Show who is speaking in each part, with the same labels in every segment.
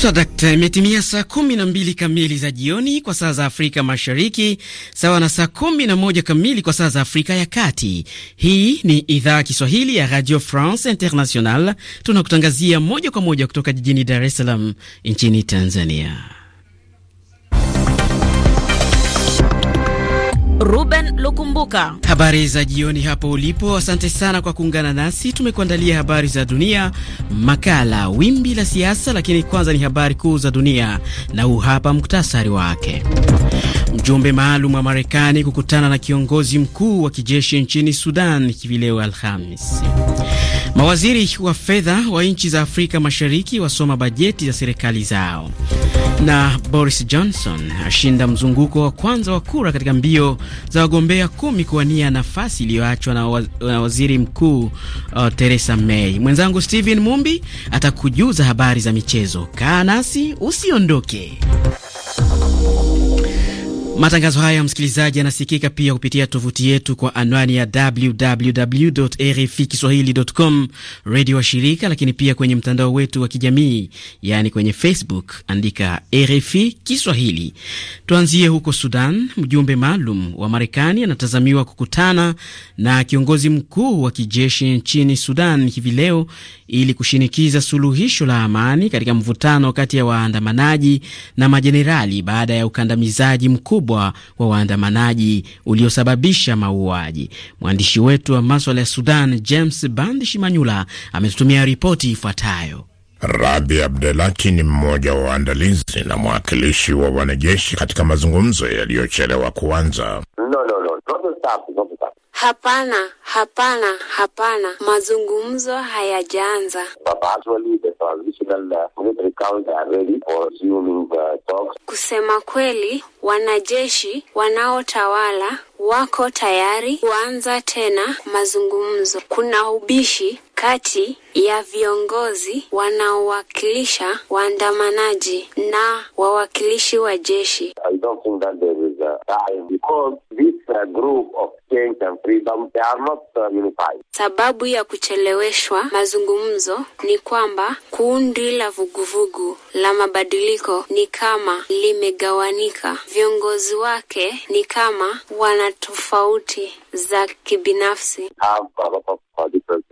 Speaker 1: Swadakt imetimia saa kumi na mbili kamili za jioni kwa saa za Afrika Mashariki, sawa na saa kumi na moja kamili kwa saa za Afrika ya Kati. Hii ni idhaa ya Kiswahili ya Radio France International, tunakutangazia moja kwa moja kutoka jijini Dar es Salaam nchini Tanzania.
Speaker 2: Ruben Lukumbuka.
Speaker 1: Habari za jioni hapo ulipo, asante sana kwa kuungana nasi. Tumekuandalia habari za dunia, makala, wimbi la siasa, lakini kwanza ni habari kuu za dunia na huu hapa muktasari wake. Mjumbe maalum wa Marekani kukutana na kiongozi mkuu wa kijeshi nchini Sudan hivi leo Alhamis. Mawaziri wa fedha wa nchi za Afrika Mashariki wasoma bajeti za serikali zao, na Boris Johnson ashinda mzunguko wa kwanza wa kura katika mbio za wagombea kumi kuwania nafasi iliyoachwa na, waz na waziri mkuu uh, Theresa May. Mwenzangu Stephen Mumbi atakujuza habari za michezo. Kaa nasi usiondoke. Matangazo haya msikilizaji, yanasikika pia kupitia tovuti yetu kwa anwani ya www RFI kiswahilicom, redio wa shirika, lakini pia kwenye mtandao wetu wa kijamii, yaani kwenye Facebook, andika RFI Kiswahili. Tuanzie huko Sudan. Mjumbe maalum wa Marekani anatazamiwa kukutana na kiongozi mkuu wa kijeshi nchini Sudan hivi leo ili kushinikiza suluhisho la amani katika mvutano kati ya waandamanaji na majenerali baada ya ukandamizaji mkubwa mkubwa wa waandamanaji uliosababisha mauaji. Mwandishi wetu wa maswala ya Sudan, James Bandi Shimanyula, ametutumia ripoti ifuatayo. Rabi
Speaker 3: abdelaki ni mmoja wa waandalizi na mwakilishi wa wanajeshi katika mazungumzo yaliyochelewa
Speaker 4: kuanza. no,
Speaker 5: no, no.
Speaker 6: Hapana,
Speaker 5: hapana, hapana, mazungumzo hayajaanza.
Speaker 4: Uh, uh,
Speaker 5: Kusema kweli, wanajeshi wanaotawala wako tayari kuanza tena mazungumzo. Kuna ubishi kati ya viongozi wanaowakilisha waandamanaji na wawakilishi wa jeshi. I don't think that uh,
Speaker 4: time because this uh, group of change and freedom they are not uh, unified.
Speaker 5: Sababu ya kucheleweshwa mazungumzo ni kwamba kundi la vuguvugu la mabadiliko ni kama limegawanika, viongozi wake ni kama wana tofauti za kibinafsi
Speaker 4: have a lot
Speaker 3: of different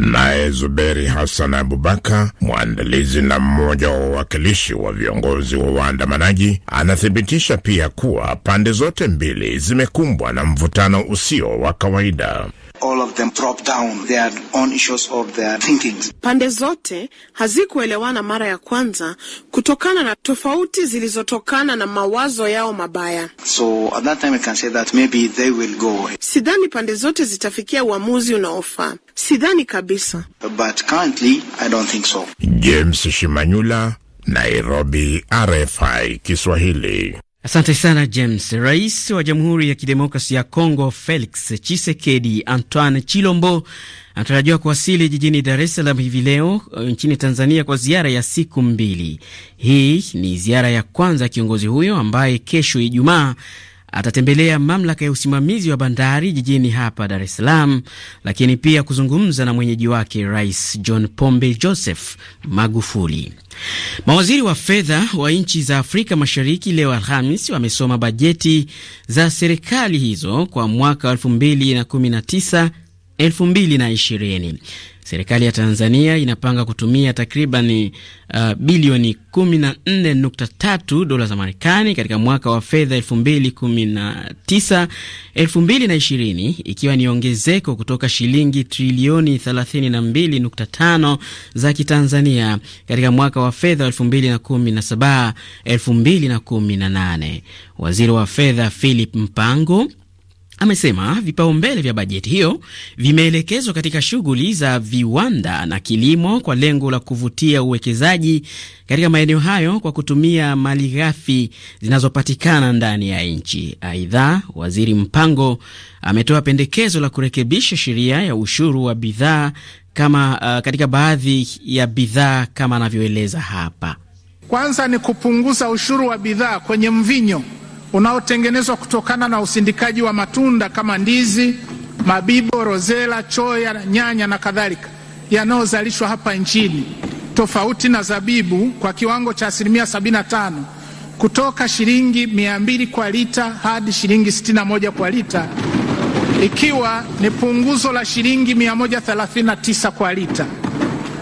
Speaker 3: Naye Zuberi Hassan Abubakar, mwandalizi na mmoja wa wawakilishi wa viongozi wa waandamanaji, anathibitisha pia kuwa pande zote mbili zimekumbwa na mvutano usio wa kawaida.
Speaker 7: All of
Speaker 8: them drop down their own issues or their thinkings.
Speaker 1: Pande zote hazikuelewana
Speaker 8: mara ya kwanza kutokana na tofauti zilizotokana na mawazo yao mabaya. So at that time I can say that maybe they will go. Sidhani pande zote zitafikia uamuzi unaofaa. Sidhani kabisa.
Speaker 3: But currently I don't think so. James Shimanyula, Nairobi, RFI Kiswahili.
Speaker 1: Asante sana James. Rais wa Jamhuri ya Kidemokrasi ya congo Felix Chisekedi Antoine Chilombo anatarajiwa kuwasili jijini Dar es Salaam hivi leo uh, nchini Tanzania kwa ziara ya siku mbili. Hii ni ziara ya kwanza ya kiongozi huyo ambaye kesho Ijumaa atatembelea mamlaka ya usimamizi wa bandari jijini hapa Dar es Salaam, lakini pia kuzungumza na mwenyeji wake Rais John Pombe Joseph Magufuli. Mawaziri wa fedha wa nchi za Afrika Mashariki leo Alhamis wamesoma bajeti za serikali hizo kwa mwaka wa 2019 2020. Serikali ya Tanzania inapanga kutumia takribani uh, bilioni 14.3 dola za Marekani katika mwaka wa fedha 2019 2020 ikiwa ni ongezeko kutoka shilingi trilioni 32.5 za Kitanzania katika mwaka wa fedha 2017 2018. Waziri wa fedha Philip Mpango Amesema vipaumbele vya bajeti hiyo vimeelekezwa katika shughuli za viwanda na kilimo kwa lengo la kuvutia uwekezaji katika maeneo hayo kwa kutumia mali ghafi zinazopatikana ndani ya nchi. Aidha, waziri Mpango ametoa pendekezo la kurekebisha sheria ya ushuru wa bidhaa kama uh, katika baadhi ya bidhaa kama anavyoeleza hapa.
Speaker 3: Kwanza ni kupunguza ushuru wa bidhaa kwenye mvinyo unaotengenezwa kutokana na usindikaji wa matunda kama ndizi, mabibo, rozela, choya, nyanya na kadhalika yanayozalishwa hapa nchini, tofauti na zabibu kwa kiwango cha asilimia 75 kutoka shilingi 200 kwa lita hadi shilingi 61 kwa lita, ikiwa ni punguzo la shilingi 139 kwa lita.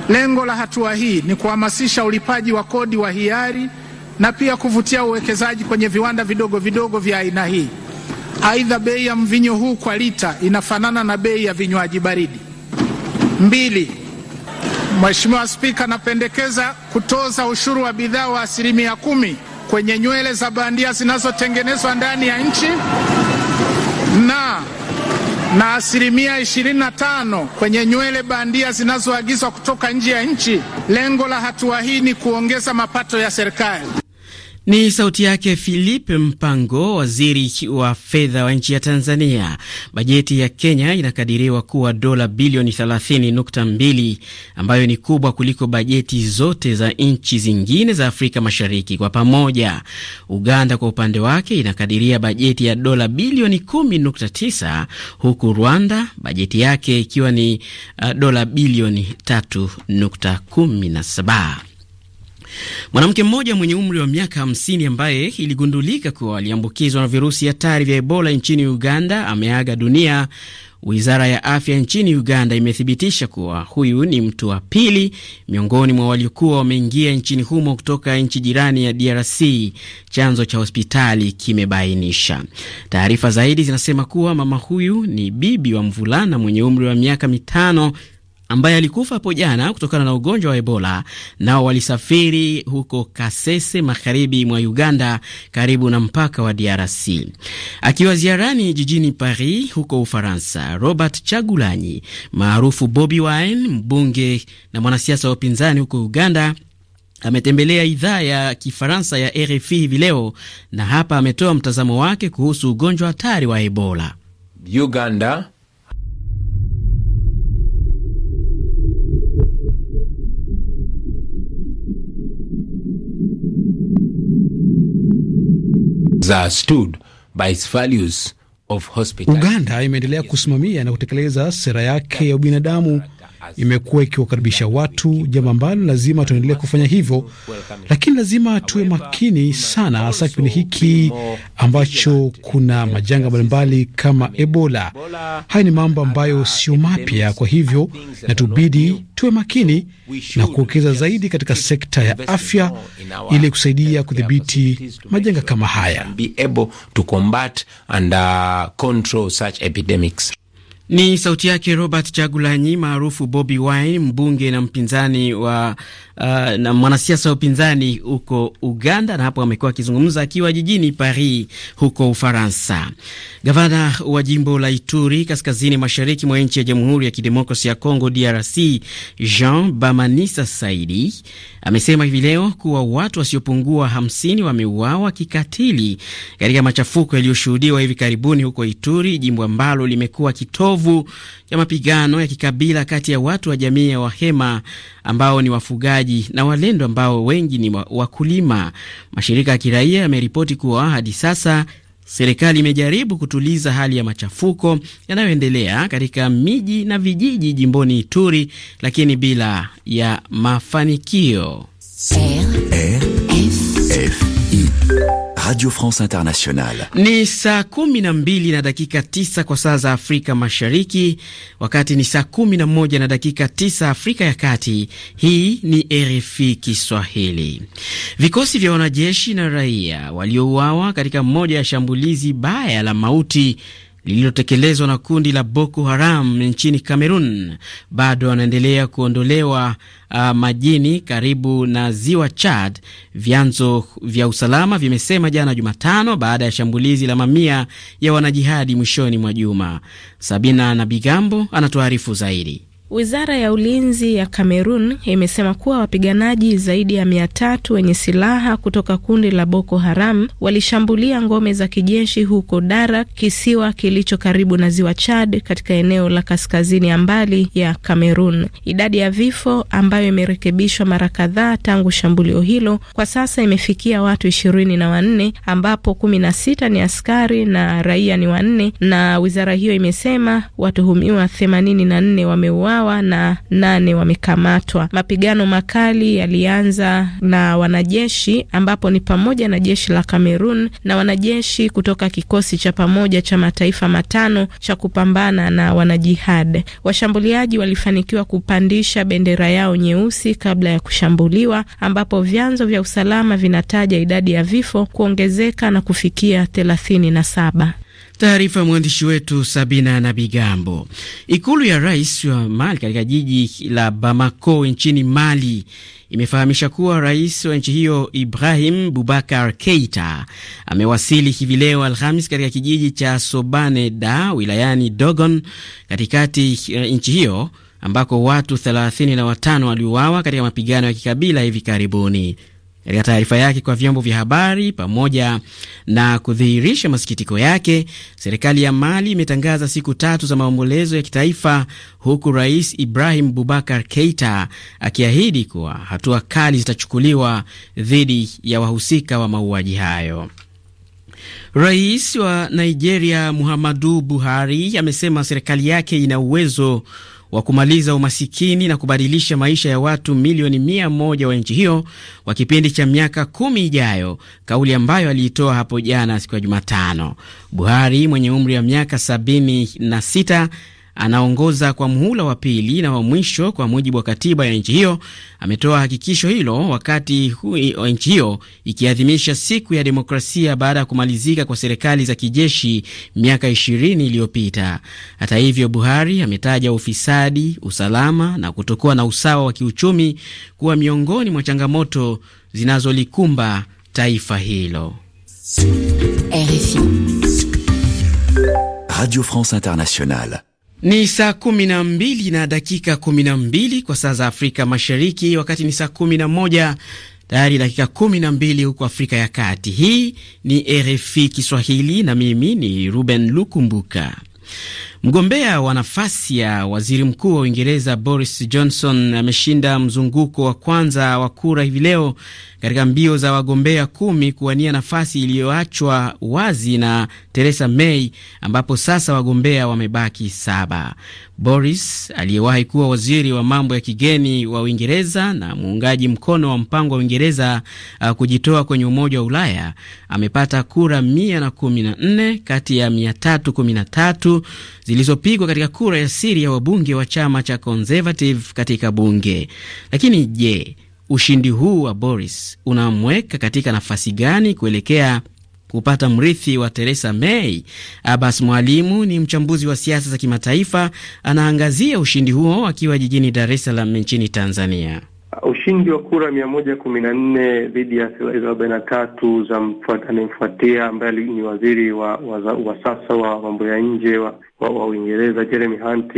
Speaker 3: Lengo la hatua hii ni kuhamasisha ulipaji wa kodi wa hiari na pia kuvutia uwekezaji kwenye viwanda vidogo vidogo vya aina hii. Aidha, bei ya mvinyo huu kwa lita inafanana na bei ya vinywaji baridi. Mbili, Mheshimiwa Spika, napendekeza kutoza ushuru wa bidhaa wa asilimia kumi kwenye nywele za bandia zinazotengenezwa ndani ya nchi na na asilimia 25 kwenye nywele bandia zinazoagizwa kutoka nje ya nchi. Lengo la hatua hii ni kuongeza mapato ya serikali.
Speaker 1: Ni sauti yake Philip Mpango, waziri wa fedha wa nchi ya Tanzania. Bajeti ya Kenya inakadiriwa kuwa dola bilioni 30.2 ambayo ni kubwa kuliko bajeti zote za nchi zingine za Afrika Mashariki kwa pamoja. Uganda kwa upande wake inakadiria bajeti ya dola bilioni 10.9 huku Rwanda bajeti yake ikiwa ni uh, dola bilioni 3.17. Mwanamke mmoja mwenye umri wa miaka hamsini ambaye iligundulika kuwa aliambukizwa na virusi hatari vya Ebola nchini Uganda ameaga dunia. Wizara ya afya nchini Uganda imethibitisha kuwa huyu ni mtu wa pili miongoni mwa waliokuwa wameingia nchini humo kutoka nchi jirani ya DRC, chanzo cha hospitali kimebainisha. Taarifa zaidi zinasema kuwa mama huyu ni bibi wa mvulana mwenye umri wa miaka mitano ambaye alikufa hapo jana kutokana na ugonjwa wa Ebola, nao walisafiri huko Kasese, magharibi mwa Uganda, karibu na mpaka wa DRC. Akiwa ziarani jijini Paris huko Ufaransa, Robert Chagulanyi maarufu Bobi Wine, mbunge na mwanasiasa wa upinzani huko Uganda ametembelea idhaa ya Kifaransa ya RFI hivi leo, na hapa ametoa mtazamo wake kuhusu ugonjwa hatari wa Ebola. Uganda
Speaker 9: Uganda imeendelea kusimamia na kutekeleza sera yake ya ubinadamu imekuwa ikiwakaribisha watu, jambo ambalo lazima tuendelee kufanya hivyo, lakini lazima tuwe makini sana, hasa kipindi hiki ambacho kuna majanga mbalimbali kama Ebola. Haya ni mambo ambayo sio mapya, kwa hivyo natubidi tuwe makini na kuwekeza zaidi katika sekta ya afya ili kusaidia kudhibiti majanga kama haya.
Speaker 1: Ni sauti yake Robert Chagulanyi maarufu Bobi Wine, mbunge na mpinzani wa uh, na mwanasiasa wa upinzani huko Uganda, na hapo amekuwa akizungumza akiwa jijini Paris huko Ufaransa. Gavana wa jimbo la Ituri kaskazini mashariki mwa nchi ya Jamhuri ya Kidemokrasi ya congo DRC Jean Bamanisa Saidi amesema hivi leo kuwa watu wasiopungua 50 wameuawa kikatili katika machafuko yaliyoshuhudiwa hivi karibuni huko Ituri, jimbo ambalo limekuwa kito ovu ya mapigano ya kikabila kati ya watu wa jamii ya Wahema ambao ni wafugaji na Walendo ambao wengi ni wakulima. Mashirika ya kiraia yameripoti kuwa hadi sasa serikali imejaribu kutuliza hali ya machafuko yanayoendelea katika miji na vijiji jimboni Ituri, lakini bila ya mafanikio.
Speaker 6: RFI Radio France Internationale.
Speaker 1: Ni saa kumi na mbili na dakika tisa kwa saa za Afrika Mashariki, wakati ni saa kumi na moja na dakika tisa Afrika ya Kati. Hii ni RFI Kiswahili. Vikosi vya wanajeshi na raia waliouawa katika moja ya shambulizi baya la mauti lililotekelezwa na kundi la Boko Haram nchini cameron bado wanaendelea kuondolewa uh, majini karibu na ziwa Chad, vyanzo vya usalama vimesema jana Jumatano, baada ya shambulizi la mamia ya wanajihadi mwishoni mwa juma. Sabina nabigambo anatoarifu anatuarifu zaidi.
Speaker 2: Wizara ya ulinzi ya Kamerun imesema kuwa wapiganaji zaidi ya mia tatu wenye silaha kutoka kundi la Boko Haram walishambulia ngome za kijeshi huko Dara, kisiwa kilicho karibu na ziwa Chad, katika eneo la kaskazini ya mbali ya Kamerun. Idadi ya vifo ambayo imerekebishwa mara kadhaa tangu shambulio hilo kwa sasa imefikia watu ishirini na wanne ambapo kumi na sita ni askari na raia ni wanne, na wizara hiyo imesema watuhumiwa themanini na nne wameuawa wameuawa na nane wamekamatwa. Mapigano makali yalianza na wanajeshi, ambapo ni pamoja na jeshi la Kamerun na wanajeshi kutoka kikosi cha pamoja cha mataifa matano cha kupambana na wanajihad. Washambuliaji walifanikiwa kupandisha bendera yao nyeusi kabla ya kushambuliwa, ambapo vyanzo vya usalama vinataja idadi ya vifo kuongezeka na kufikia thelathini na saba.
Speaker 1: Taarifa ya mwandishi wetu Sabina Bigambo. Ikulu ya rais wa Mali katika jiji la Bamako nchini Mali imefahamisha kuwa rais wa nchi hiyo Ibrahim Bubakar Keita amewasili hivi leo Alhamis katika kijiji cha Sobaneda wilayani Dogon katikati nchi hiyo ambako watu 35 waliuawa katika mapigano ya kikabila hivi karibuni katika taarifa yake kwa vyombo vya habari pamoja na kudhihirisha masikitiko yake, serikali ya Mali imetangaza siku tatu za maombolezo ya kitaifa, huku Rais Ibrahim bubakar Keita akiahidi kuwa hatua kali zitachukuliwa dhidi ya wahusika wa mauaji hayo. Rais wa Nigeria Muhammadu Buhari amesema serikali yake ina uwezo wa kumaliza umasikini na kubadilisha maisha ya watu milioni mia moja wa nchi hiyo kwa kipindi cha miaka kumi ijayo, kauli ambayo aliitoa hapo jana siku ya Jumatano. Buhari mwenye umri wa miaka sabini na sita anaongoza kwa muhula wa pili na wa mwisho kwa mujibu wa katiba ya nchi hiyo, ametoa hakikisho hilo wakati nchi hiyo ikiadhimisha siku ya demokrasia baada ya kumalizika kwa serikali za kijeshi miaka ishirini iliyopita. Hata hivyo, Buhari ametaja ufisadi, usalama na kutokuwa na usawa wa kiuchumi kuwa miongoni mwa changamoto zinazolikumba taifa hilo.
Speaker 6: RFI. Radio France Internationale.
Speaker 1: Ni saa kumi na mbili na dakika kumi na mbili kwa saa za Afrika Mashariki, wakati ni saa kumi na moja tayari dakika kumi na mbili huko Afrika ya Kati. Hii ni RFI Kiswahili na mimi ni Ruben Lukumbuka. Mgombea wa nafasi ya waziri mkuu wa Uingereza Boris Johnson ameshinda mzunguko wa kwanza wa kura hivi leo katika mbio za wagombea kumi kuwania nafasi iliyoachwa wazi na Theresa May, ambapo sasa wagombea wamebaki saba. Boris aliyewahi kuwa waziri wa mambo ya kigeni wa Uingereza na muungaji mkono wa mpango wa Uingereza uh, kujitoa kwenye Umoja wa Ulaya amepata kura 114 kati ya 313 zilizopigwa katika kura ya siri ya wabunge wa chama cha Conservative katika bunge. Lakini je, Ushindi huu wa Boris unamweka katika nafasi gani kuelekea kupata mrithi wa Theresa May? Abbas Mwalimu ni mchambuzi wa siasa za kimataifa, anaangazia ushindi huo akiwa jijini Dar es Salaam nchini Tanzania.
Speaker 7: Ushindi wa kura mia moja kumi na nne dhidi ya arobaini na tatu za anayemfuatia ambaye ni waziri wa, wa, wa sasa wa mambo ya nje wa, wa, wa Uingereza Jeremy Hunt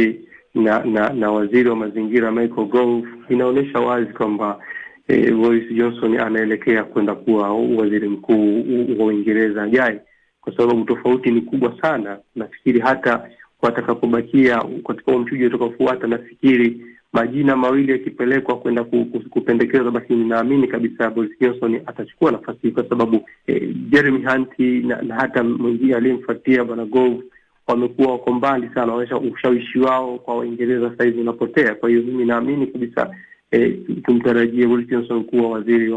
Speaker 7: na, na na waziri wa mazingira Michael Gove inaonyesha wazi kwamba Eh, e, Boris Johnson anaelekea kwenda kuwa waziri mkuu wa Uingereza ajaye, kwa sababu tofauti ni kubwa sana. Nafikiri hata watakapobakia katika huo mchujo utakaofuata, nafikiri majina mawili yakipelekwa kwenda kupendekezwa, basi ninaamini kabisa Boris Johnson atachukua nafasi hii, kwa sababu eh, Jeremy Hunt na, na hata mwingine aliyemfuatia bwana Gove wamekuwa wako mbali sana, waonyesha ushawishi wao kwa Waingereza sahizi unapotea. Kwa hiyo mimi naamini kabisa e, tumtarajie Boris Johnson kuwa waziri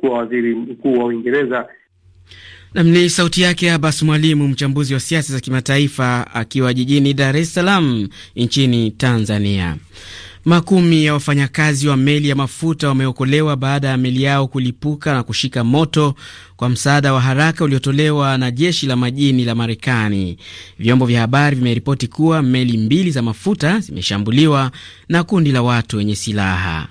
Speaker 7: kuwa waziri mkuu wa Uingereza.
Speaker 1: Nam ni sauti yake Abbas Mwalimu, mchambuzi wa siasa za kimataifa akiwa jijini Dar es Salaam nchini Tanzania. Makumi ya wafanyakazi wa meli ya mafuta wameokolewa baada ya meli yao kulipuka na kushika moto kwa msaada wa haraka uliotolewa na jeshi la majini la Marekani. Vyombo vya habari vimeripoti kuwa meli mbili za mafuta zimeshambuliwa na kundi la watu wenye silaha.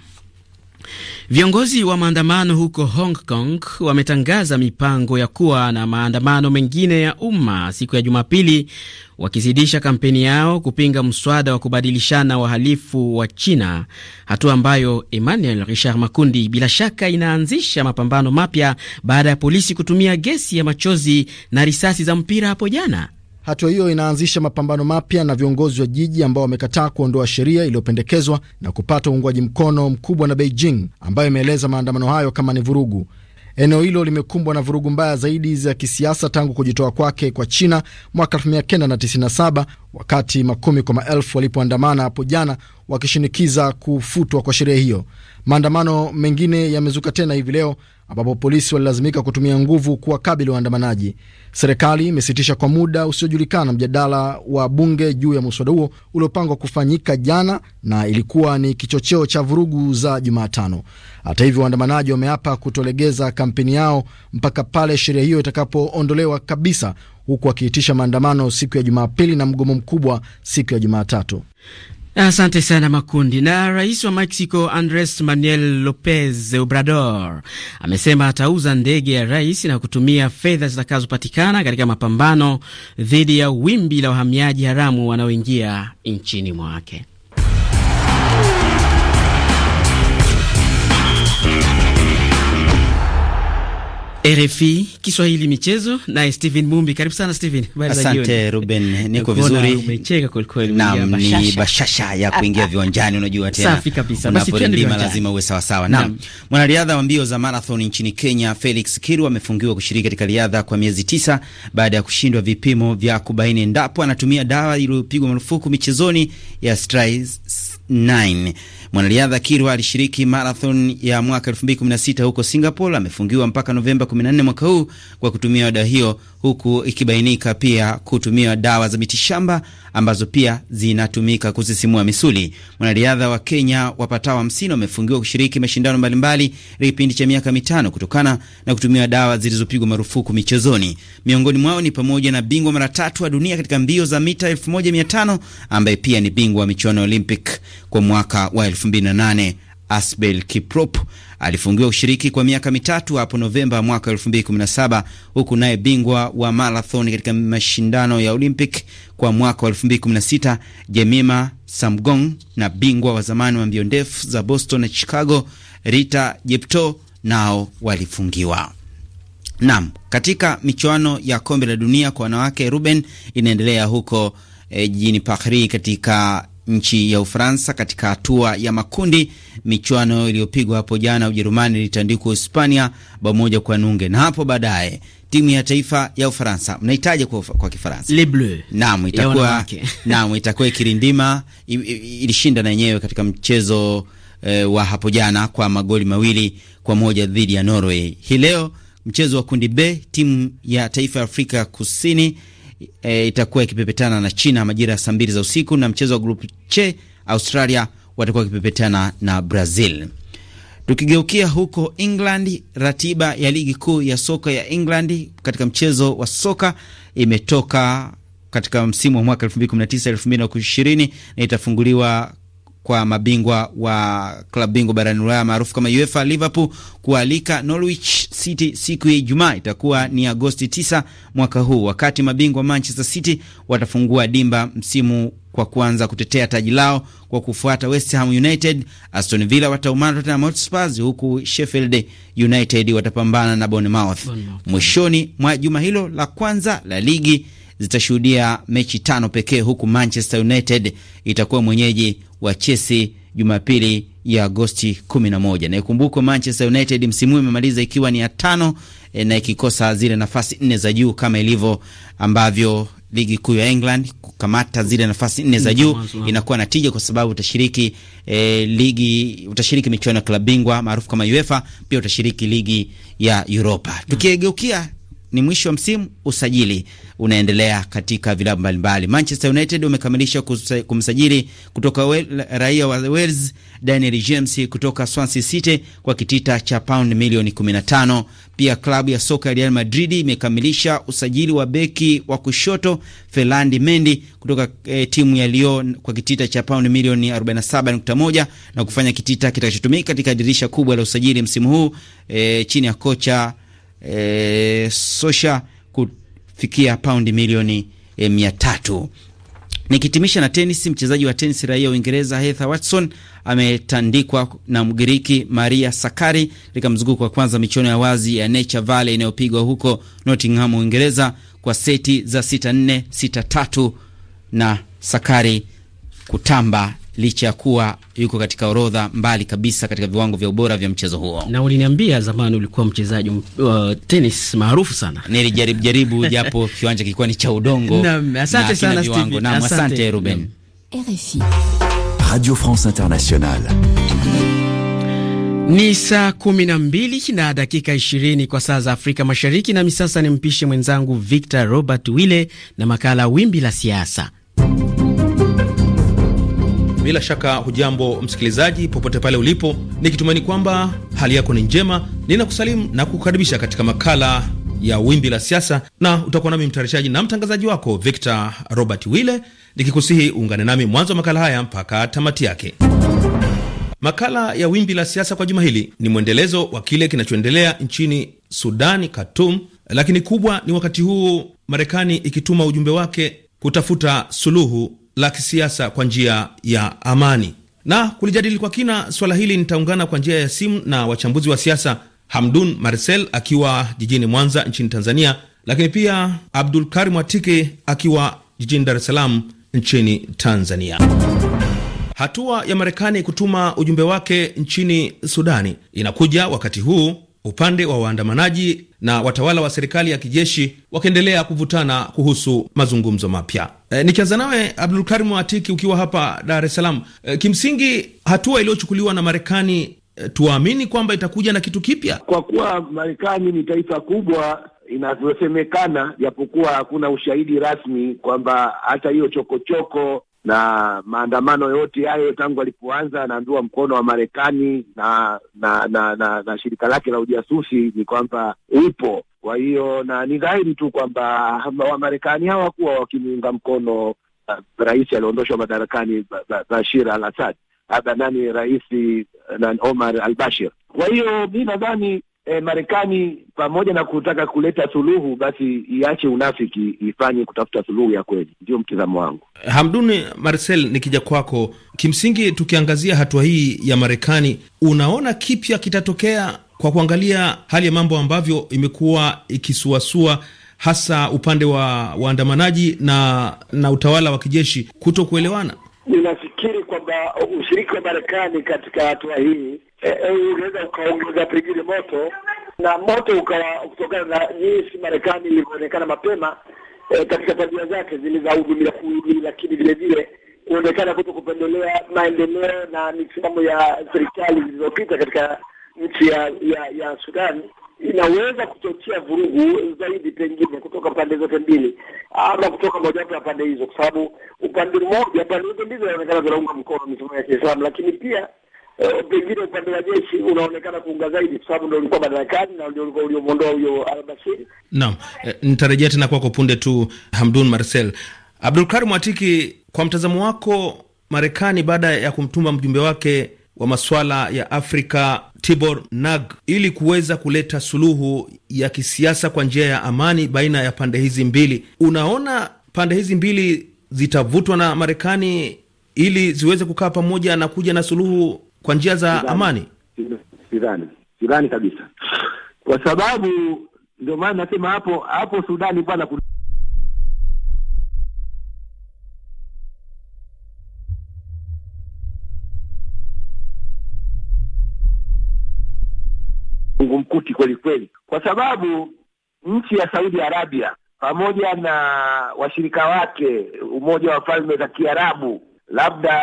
Speaker 1: Viongozi wa maandamano huko Hong Kong wametangaza mipango ya kuwa na maandamano mengine ya umma siku ya Jumapili, wakizidisha kampeni yao kupinga mswada wa kubadilishana wahalifu wa China, hatua ambayo Emmanuel Richard Makundi bila shaka inaanzisha mapambano mapya baada ya polisi kutumia gesi ya machozi na risasi za mpira hapo jana.
Speaker 10: Hatua hiyo inaanzisha mapambano mapya na viongozi wa jiji ambao wamekataa kuondoa sheria iliyopendekezwa na kupata uungwaji mkono mkubwa na Beijing ambayo imeeleza maandamano hayo kama ni vurugu. Eneo hilo limekumbwa na vurugu mbaya zaidi za kisiasa tangu kujitoa kwake kwa China mwaka 1997 wakati makumi kwa maelfu walipoandamana hapo jana wakishinikiza kufutwa kwa sheria hiyo. Maandamano mengine yamezuka tena hivi leo ambapo polisi walilazimika kutumia nguvu kuwakabili waandamanaji. Serikali imesitisha kwa muda usiojulikana mjadala wa bunge juu ya muswada huo uliopangwa kufanyika jana na ilikuwa ni kichocheo cha vurugu za Jumatano. Hata hivyo, waandamanaji wameapa kutolegeza kampeni yao mpaka pale sheria hiyo itakapoondolewa kabisa, huku wakiitisha maandamano siku ya Jumapili na mgomo mkubwa siku ya Jumatatu.
Speaker 1: Asante sana Makundi. Na rais wa Mexico Andres Manuel Lopez Obrador amesema atauza ndege ya rais na kutumia fedha zitakazopatikana katika mapambano dhidi ya wimbi la wahamiaji haramu wanaoingia nchini mwake. RFI Kiswahili michezo na Steven Mumbi. Karibu sana Steven. Asante
Speaker 11: Ruben, niko vizuri.
Speaker 1: Umecheka kweli kweli. Naam, ni
Speaker 11: bashasha ya kuingia ah, ah. viwanjani, unajua tena. Safi kabisa. Basi twende viwanjani. Lazima uwe sawa sawa. Naam. Mwanariadha wa mbio za marathon nchini Kenya Felix Kiru amefungiwa kushiriki katika riadha kwa miezi tisa baada ya kushindwa vipimo vya kubaini endapo anatumia dawa iliyopigwa marufuku michezoni ya Strychnine. Mwanariadha Kirwa alishiriki marathon ya mwaka 2016 huko Singapore, amefungiwa mpaka Novemba 14 mwaka huu kwa kutumia ada hiyo huku ikibainika pia kutumia dawa za mitishamba ambazo pia zinatumika kusisimua misuli. Mwanariadha wa Kenya wapatao hamsini wamefungiwa kushiriki mashindano mbalimbali kipindi cha miaka mitano kutokana na kutumia dawa zilizopigwa marufuku michezoni. Miongoni mwao ni pamoja na bingwa mara tatu wa dunia katika mbio za mita 1500 ambaye pia ni bingwa wa michuano ya Olympic kwa mwaka wa 2008. Asbel Kiprop alifungiwa ushiriki kwa miaka mitatu hapo Novemba mwaka 2017, huku naye bingwa wa marathon katika mashindano ya Olympic kwa mwaka wa 2016 Jemima Samgong na bingwa wa zamani wa mbio ndefu za Boston na Chicago Rita Jepto nao walifungiwa. Naam, katika michuano ya kombe la dunia kwa wanawake Ruben inaendelea huko eh, jijini eh, Paris katika nchi ya Ufaransa katika hatua ya makundi. Michuano iliyopigwa hapo jana Ujerumani ilitandikwa Hispania bao moja kwa nunge, na hapo baadaye timu ya taifa ya Ufaransa mnahitaji kwa, kwa Kifaransa Les naam, itakuwa naam, itakuwa ikirindima. Ilishinda na yenyewe katika mchezo e, wa hapo jana kwa magoli mawili kwa moja dhidi ya Norway. Hii leo mchezo wa kundi B, timu ya taifa ya Afrika Kusini e, itakuwa ikipepetana na China majira ya saa mbili za usiku, na mchezo wa grupu C Australia watakuwa wakipepetana na Brazil. Tukigeukia huko England, ratiba ya ligi kuu ya soka ya England katika mchezo wa soka imetoka katika msimu wa mwaka 2019 2020 na itafunguliwa kwa mabingwa wa klabu bingwa barani Ulaya maarufu kama UEFA, Liverpool kualika Norwich City siku ya Ijumaa itakuwa ni Agosti 9 mwaka huu, wakati mabingwa Manchester City watafungua dimba msimu kwa kuanza kutetea taji lao kwa kufuata West Ham United. Aston Villa wataumana Tottenham Hotspur, huku Sheffield United watapambana na Bournemouth. Mwishoni mwa juma hilo la kwanza la ligi zitashuhudia mechi tano pekee, huku Manchester United itakuwa mwenyeji wa Chelsea Jumapili ya Agosti 11. Na ikumbukwe Manchester United msimu huu imemaliza ikiwa ni ya tano e, na ikikosa zile nafasi nne za juu kama ilivyo ambavyo ligi kuu ya England kukamata zile nafasi nne za mm, juu inakuwa na tija kwa sababu utashiriki e, ligi utashiriki michuano ya klabu bingwa maarufu kama UEFA, pia utashiriki ligi ya Europa. Mm. Tukigeukia ni mwisho wa msimu, usajili unaendelea katika vilabu mbalimbali. Manchester United wamekamilisha kumsajili kutoka wel, raia wa Wales Daniel James kutoka Swansea City kwa kitita cha pound milioni 15. Pia klabu ya soka ya Real Madrid imekamilisha usajili wa beki wa kushoto Ferland Mendy kutoka eh, timu ya Lyon kwa kitita cha pound milioni 47.1 na kufanya kitita kitakachotumika katika dirisha kubwa la usajili msimu huu eh, chini ya kocha e, Sosha kufikia paundi milioni e, mia tatu. Nikitimisha na tenis, mchezaji wa tenis raia wa Uingereza Heather Watson ametandikwa na Mgiriki Maria Sakari katika mzunguko wa kwanza michuano ya wazi ya Nature Valley inayopigwa huko Nottingham, Uingereza kwa seti za 6-4, 6-3 na Sakari kutamba licha ya kuwa yuko katika orodha mbali kabisa katika viwango vya ubora vya mchezo huo.
Speaker 1: Na uliniambia zamani ulikuwa mchezaji uh, tenis maarufu sana.
Speaker 11: Nilijaribu jaribu japo kiwanja kilikuwa ni cha udongo.
Speaker 1: Naam, asante na sana Steve. Naam, asante Ruben.
Speaker 11: RFI.
Speaker 6: Radio France Internationale.
Speaker 1: Ni saa kumi na mbili na dakika ishirini kwa saa za Afrika Mashariki, nami sasa nimpishe mwenzangu Victor Robert Wille na makala Wimbi la Siasa.
Speaker 9: Bila shaka hujambo msikilizaji, popote pale ulipo, nikitumaini kwamba hali yako ni njema. Ninakusalimu na kukukaribisha katika makala ya Wimbi la Siasa, na utakuwa nami mtayarishaji na mtangazaji wako Victor Robert Wille, nikikusihi uungane nami mwanzo wa makala haya mpaka tamati yake. Makala ya Wimbi la Siasa kwa juma hili ni mwendelezo wa kile kinachoendelea nchini Sudani, Khartoum, lakini kubwa ni wakati huu Marekani ikituma ujumbe wake kutafuta suluhu la kisiasa kwa njia ya amani. Na kulijadili kwa kina swala hili, nitaungana kwa njia ya simu na wachambuzi wa siasa Hamdun Marcel akiwa jijini Mwanza nchini Tanzania, lakini pia Abdul Karim Watike akiwa jijini Dar es Salaam nchini Tanzania. Hatua ya Marekani kutuma ujumbe wake nchini Sudani inakuja wakati huu upande wa waandamanaji na watawala wa serikali ya kijeshi wakiendelea kuvutana kuhusu mazungumzo mapya. E, nikianza nawe Abdulkarimu Watiki, ukiwa hapa Dar es Salaam. E, kimsingi hatua iliyochukuliwa na Marekani e, tuwaamini kwamba itakuja na kitu kipya
Speaker 4: kwa kuwa Marekani ni taifa kubwa inavyosemekana, japokuwa hakuna ushahidi rasmi kwamba hata hiyo chokochoko na maandamano yote hayo tangu alipoanza anaambiwa mkono wa Marekani na na na, na, na shirika lake la ujasusi ni kwamba ipo. Kwa hiyo na ni dhahiri tu kwamba Wamarekani hawakuwa wakimuunga mkono uh, rais aliondoshwa madarakani Bashir al-Assad, hata nani rais uh, Omar al-Bashir. Kwa hiyo mi nadhani e, Marekani pamoja na kutaka kuleta suluhu, basi iache unafiki, ifanye kutafuta suluhu ya kweli. Ndio mtizamo wangu.
Speaker 9: Hamduni Marcel, nikija kwako, kimsingi tukiangazia hatua hii ya Marekani, unaona kipya kitatokea kwa kuangalia hali ya mambo ambavyo imekuwa ikisuasua hasa upande wa waandamanaji na na utawala wa kijeshi kuto kuelewana
Speaker 4: nafikiri kwamba ushiriki wa Marekani katika hatua hii e, e, unaweza ukaongeza pengine moto na moto ukawa kutokana na jinsi Marekani ilivyoonekana mapema e, katika tabia zake zilizohudumia kuili, lakini vile vile kuonekana kuto kupendelea maendeleo na misimamo ya serikali zilizopita katika nchi ya ya, ya Sudani inaweza kuchochea vurugu zaidi, pengine kutoka pande zote mbili ama kutoka mojawapo ya pande hizo, kwa sababu upande mmoja, pande hizo mbili zinaonekana zinaunga mkono misimamo ya Kiislamu, lakini pia e, pengine upande wa jeshi unaonekana kuunga zaidi, kwa sababu ndio ulikuwa madarakani na ndio ulikuwa uliomwondoa huyo al-Bashir.
Speaker 9: Naam, eh, nitarejea tena kwako punde tu, Hamdun Marcel. Abdulkarim Mwatiki, kwa mtazamo wako, Marekani baada ya kumtuma mjumbe wake wa masuala ya Afrika Tibor Nag ili kuweza kuleta suluhu ya kisiasa kwa njia ya amani baina ya pande hizi mbili. Unaona pande hizi mbili zitavutwa na Marekani ili ziweze kukaa pamoja na kuja na suluhu kwa njia za sidhani, amani?
Speaker 4: Sidhani, sidhani kabisa, kwa sababu ndio maana nasema hapo hapo Sudani kuna mkungukuti kweli kweli, kwa sababu nchi ya Saudi Arabia pamoja na washirika wake Umoja wa Falme za Kiarabu, labda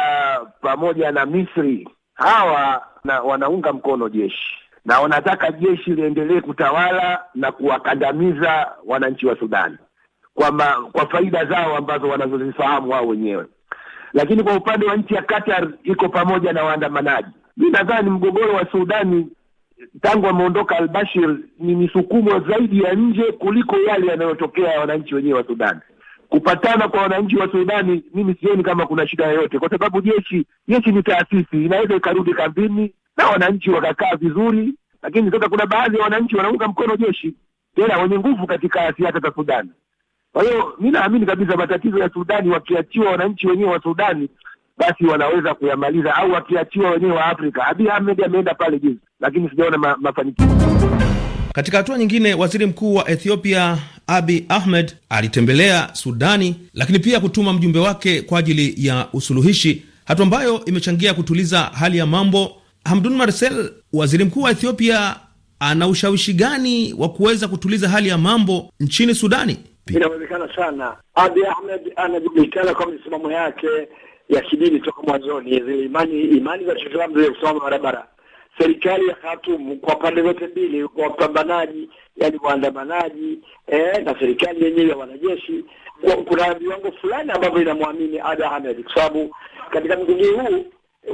Speaker 4: pamoja na Misri, hawa na, wanaunga mkono jeshi na wanataka jeshi liendelee kutawala na kuwakandamiza wananchi wa Sudani kwa, ma, kwa faida zao ambazo wanazozifahamu wao wenyewe. Lakini kwa upande wa nchi ya Qatar iko pamoja na waandamanaji. Mi nadhani mgogoro wa Sudani tangu ameondoka Albashir ni misukumo zaidi ya nje kuliko yale yanayotokea wananchi wenyewe wa Sudan. Kupatana kwa wananchi wa Sudani, mimi sioni kama kuna shida yoyote, kwa sababu jeshi jeshi ni taasisi, inaweza ikarudi kambini na wananchi wakakaa vizuri. Lakini sasa kuna baadhi ya wananchi wanaunga mkono jeshi, tena wenye nguvu katika siasa za Sudani. Kwa hiyo mi naamini kabisa matatizo ya Sudani wakiachiwa wananchi wenyewe wa Sudani basi wanaweza kuyamaliza au wakiachiwa wenyewe wa Afrika. Abiy Ahmed ameenda pale juzi, lakini sijaona ma, mafanikio.
Speaker 9: Katika hatua nyingine, waziri mkuu wa Ethiopia Abiy Ahmed alitembelea Sudani, lakini pia kutuma mjumbe wake kwa ajili ya usuluhishi, hatua ambayo imechangia kutuliza hali ya mambo. Hamdun Marcel, waziri mkuu wa Ethiopia ana ushawishi gani wa kuweza kutuliza hali ya mambo nchini Sudani?
Speaker 4: Inawezekana sana. Abiy Ahmed anajulikana kwa misimamo yake ya kidini toka mwanzoni, zile imani imani za Kiislamu zile kusimama barabara. Serikali ya Khartoum kwa pande zote mbili, kwa wapambanaji, yani waandamanaji eh, na serikali yenyewe ya wanajeshi, kuna viwango fulani ambavyo inamwamini Abiy Ahmed, kwa sababu katika mgogoro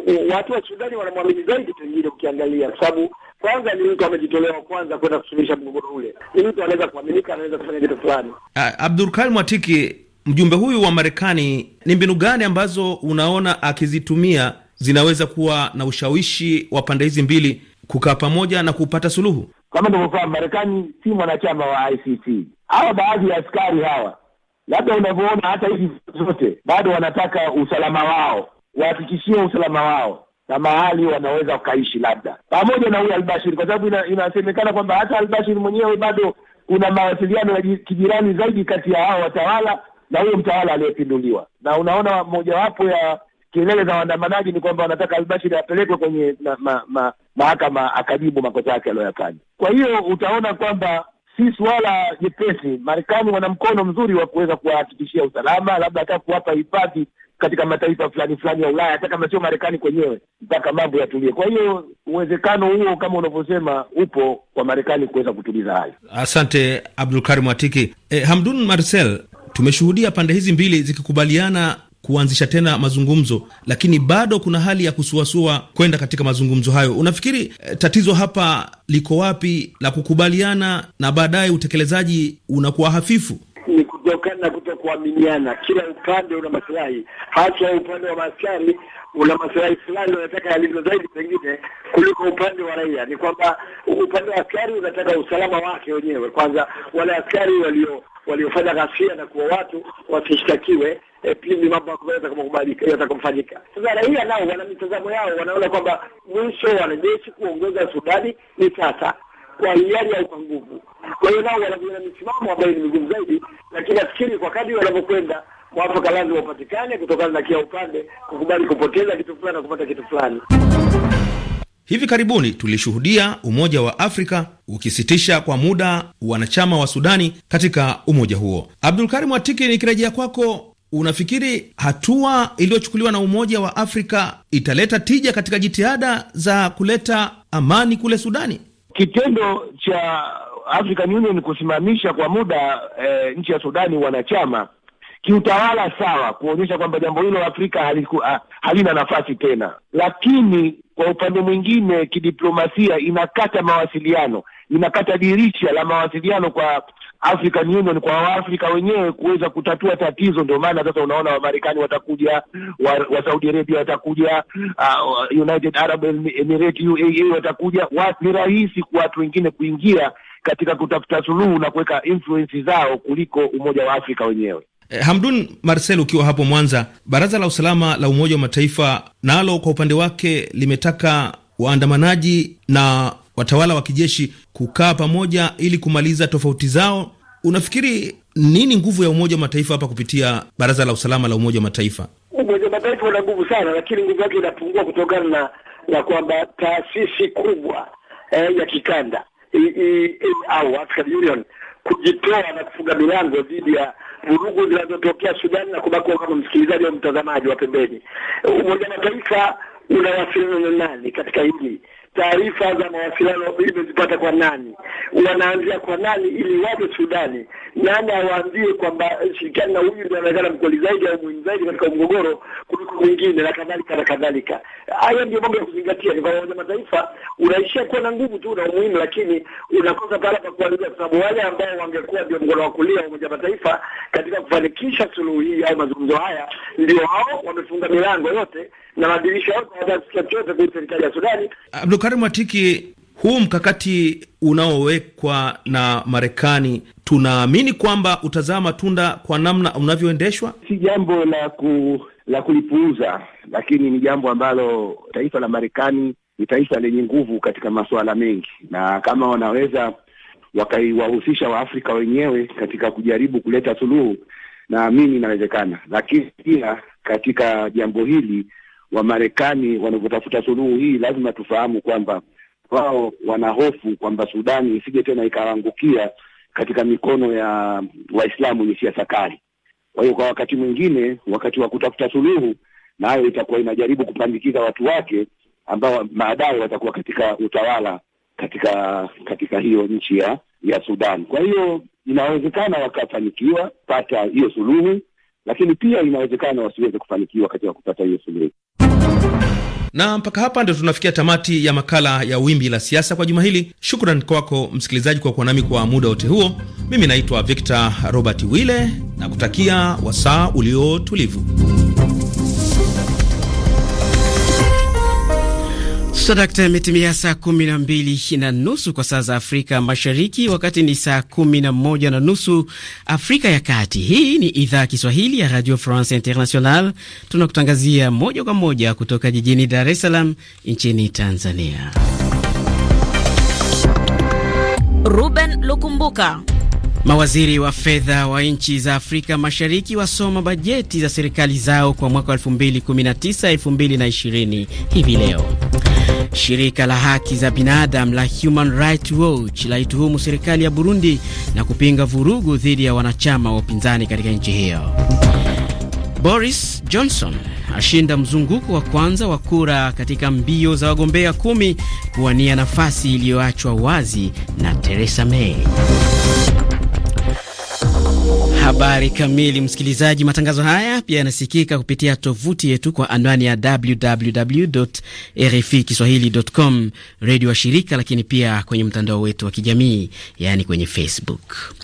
Speaker 4: huu watu wa Sudani wanamwamini zaidi pengine, ukiangalia kwa sababu kwanza ni mtu amejitolewa kwanza kwenda kusuluhisha mgogoro ule, ni mtu anaweza kuaminika, anaweza kufanya kitu fulani.
Speaker 9: Ah, Abdulkarim Mwatiki Mjumbe huyu wa Marekani, ni mbinu gani ambazo unaona akizitumia zinaweza kuwa na ushawishi wa pande hizi mbili kukaa pamoja na kupata suluhu?
Speaker 4: Kama nilivyofahamu, Marekani si mwanachama wa ICC. Hawa baadhi ya askari hawa, labda unavyoona, hata hizi zote bado wanataka usalama wao, wahakikishie usalama wao na mahali wanaweza wakaishi, labda pamoja na huyu Albashiri, kwa sababu ina, inasemekana kwamba hata Albashiri mwenyewe bado kuna mawasiliano ya kijirani zaidi kati ya hao watawala na huyo mtawala aliyepinduliwa. Na unaona mojawapo ya kelele za waandamanaji ni kwamba wanataka Albashiri apelekwe kwenye mahakama ma, ma, akajibu makosa yake aliyoyafanya. Kwa hiyo utaona kwamba si suala jepesi. Marekani wana mkono mzuri wa kuweza kuwahakikishia usalama, labda hata kuwapa hifadhi katika mataifa fulani fulani ya Ulaya, hata kama sio Marekani kwenyewe, mpaka mambo yatulie. Kwa hiyo uwezekano huo kama unavyosema upo kwa Marekani kuweza kutuliza hali.
Speaker 9: Asante Abdulkarim Atiki. E, Hamdun Marcel, Tumeshuhudia pande hizi mbili zikikubaliana kuanzisha tena mazungumzo, lakini bado kuna hali ya kusuasua kwenda katika mazungumzo hayo. Unafikiri eh, tatizo hapa liko wapi, la kukubaliana na baadaye utekelezaji unakuwa hafifu?
Speaker 4: kutokana na kuaminiana Kila upande una maslahi, hasa upande wa maskari una maslahi fulani unataka yalivyo zaidi pengine kuliko upande wa raia. Ni kwamba upande wa askari unataka usalama wake wenyewe kwanza, wale askari walio waliofanya ghasia na kuwa watu wasishtakiwe e, pindi mambo yatakapokubalika yatakaofanyika. Sasa raia nao wana mitazamo yao, wanaona kwamba mwisho wanajeshi kuongoza Sudani ni sasa kwa hiari au kwa nguvu. Kwa hiyo nao wanakuja na misimamo ambayo ni migumu zaidi, lakini nafikiri kwa kadri wanavyokwenda mwafaka lazima upatikane kutokana na kila upande kukubali kupoteza kitu fulani na kupata kitu fulani.
Speaker 9: Hivi karibuni tulishuhudia Umoja wa Afrika ukisitisha kwa muda wanachama wa Sudani katika umoja huo. Karim Atiki, nikirejea kwako, unafikiri hatua iliyochukuliwa na Umoja wa Afrika italeta tija katika jitihada za kuleta amani kule Sudani? kitendo
Speaker 4: cha African Union kusimamisha kwa muda e, nchi ya Sudani wanachama kiutawala sawa, kuonyesha kwamba jambo hilo Afrika haliku, ha, ah, halina nafasi tena, lakini kwa upande mwingine kidiplomasia inakata mawasiliano, inakata dirisha la mawasiliano kwa African Union kwa Waafrika wenyewe kuweza kutatua tatizo. Ndio maana sasa unaona Wamarekani watakuja wa, wa Saudi Arabia watakuja, uh, United Arab Emirates UAE watakuja wa, ni rahisi kwa watu wengine kuingia katika kutafuta suluhu na kuweka influence zao kuliko Umoja wa Afrika wenyewe.
Speaker 9: Eh, Hamdun Marcel, ukiwa hapo Mwanza, Baraza la Usalama la Umoja wa Mataifa nalo kwa upande wake limetaka waandamanaji na watawala wa kijeshi kukaa pamoja ili kumaliza tofauti zao. Unafikiri nini nguvu ya Umoja wa Mataifa hapa kupitia Baraza la Usalama la Umoja wa Mataifa?
Speaker 4: Umoja wa Mataifa una nguvu sana, lakini nguvu yake inapungua kutokana na na kwamba taasisi kubwa eh, ya kikanda au African Union kujitoa na kufunga milango dhidi ya vurugu zinazotokea Sudani na kubaki kama msikilizaji wa mtazamaji wa pembeni. Umoja wa Mataifa unawasiliana nani katika hili? taarifa za mawasiliano imezipata kwa nani, wanaanzia kwa nani, ili waje Sudani, nani awaambie kwamba eh, shirikiani na huyu, ndio anaonekana mkoli zaidi au muhimu zaidi katika mgogoro kuliko mwingine, na kadhalika na kadhalika. Haya ndio mambo ya kuzingatia. Ni kwamba Umoja Mataifa unaishia kuwa na nguvu tu na umuhimu, lakini unakosa pala pa kuanzia, kwa sababu wale ambao wangekuwa ndio mkono wa kulia wa Umoja Mataifa katika kufanikisha suluhu hii au mazungumzo haya, ndio hao wamefunga milango yote na madirisha yako hawatasikia chochote kuhusu serikali ya Sudani. Abdulkarim
Speaker 9: Atiki, huu mkakati unaowekwa na Marekani tunaamini kwamba utazaa matunda kwa namna
Speaker 4: unavyoendeshwa, si jambo la ku la kulipuuza, lakini ni jambo ambalo taifa la Marekani ni taifa lenye nguvu katika masuala mengi, na kama wanaweza wakaiwahusisha Waafrika wenyewe katika kujaribu kuleta suluhu, naamini inawezekana. Lakini pia katika jambo hili wa Marekani wanavyotafuta suluhu hii, lazima tufahamu kwamba wao wanahofu kwamba Sudani isije tena ikaangukia katika mikono ya Waislamu wenye siasa kali. Kwa hiyo kwa wakati mwingine, wakati wa kutafuta suluhu, nayo itakuwa inajaribu kupandikiza watu wake ambao baadaye watakuwa katika utawala katika katika hiyo nchi ya ya Sudan. Kwa hiyo inawezekana wakafanikiwa pata hiyo suluhu, lakini pia inawezekana wasiweze kufanikiwa katika kupata hiyo suluhu.
Speaker 9: Na mpaka hapa ndio tunafikia tamati ya makala ya Wimbi la Siasa kwa juma hili. Shukran kwako msikilizaji kwa kuwa nami kwa muda wote huo. Mimi naitwa Victor Robert wille na kutakia
Speaker 1: wasaa uliotulivu. Swadakta, imetimia saa kumi na mbili na nusu kwa saa za Afrika Mashariki, wakati ni saa kumi na moja na nusu Afrika ya Kati. Hii ni idhaa Kiswahili ya Radio France International, tunakutangazia moja kwa moja kutoka jijini Dar es Salaam nchini Tanzania.
Speaker 2: Ruben Lukumbuka
Speaker 1: Mawaziri wa fedha wa nchi za Afrika Mashariki wasoma bajeti za serikali zao kwa mwaka 2019 2020 hivi leo. Shirika la haki za binadamu la Human Rights Watch laituhumu serikali ya Burundi na kupinga vurugu dhidi ya wanachama wa upinzani katika nchi hiyo. Boris Johnson ashinda mzunguko wa kwanza wa kura katika mbio za wagombea kumi kuwania nafasi iliyoachwa wazi na Theresa May. Habari kamili, msikilizaji. Matangazo haya pia yanasikika kupitia tovuti yetu kwa anwani ya www RFI kiswahilicom, redio wa shirika, lakini pia kwenye mtandao wetu wa kijamii, yaani kwenye Facebook.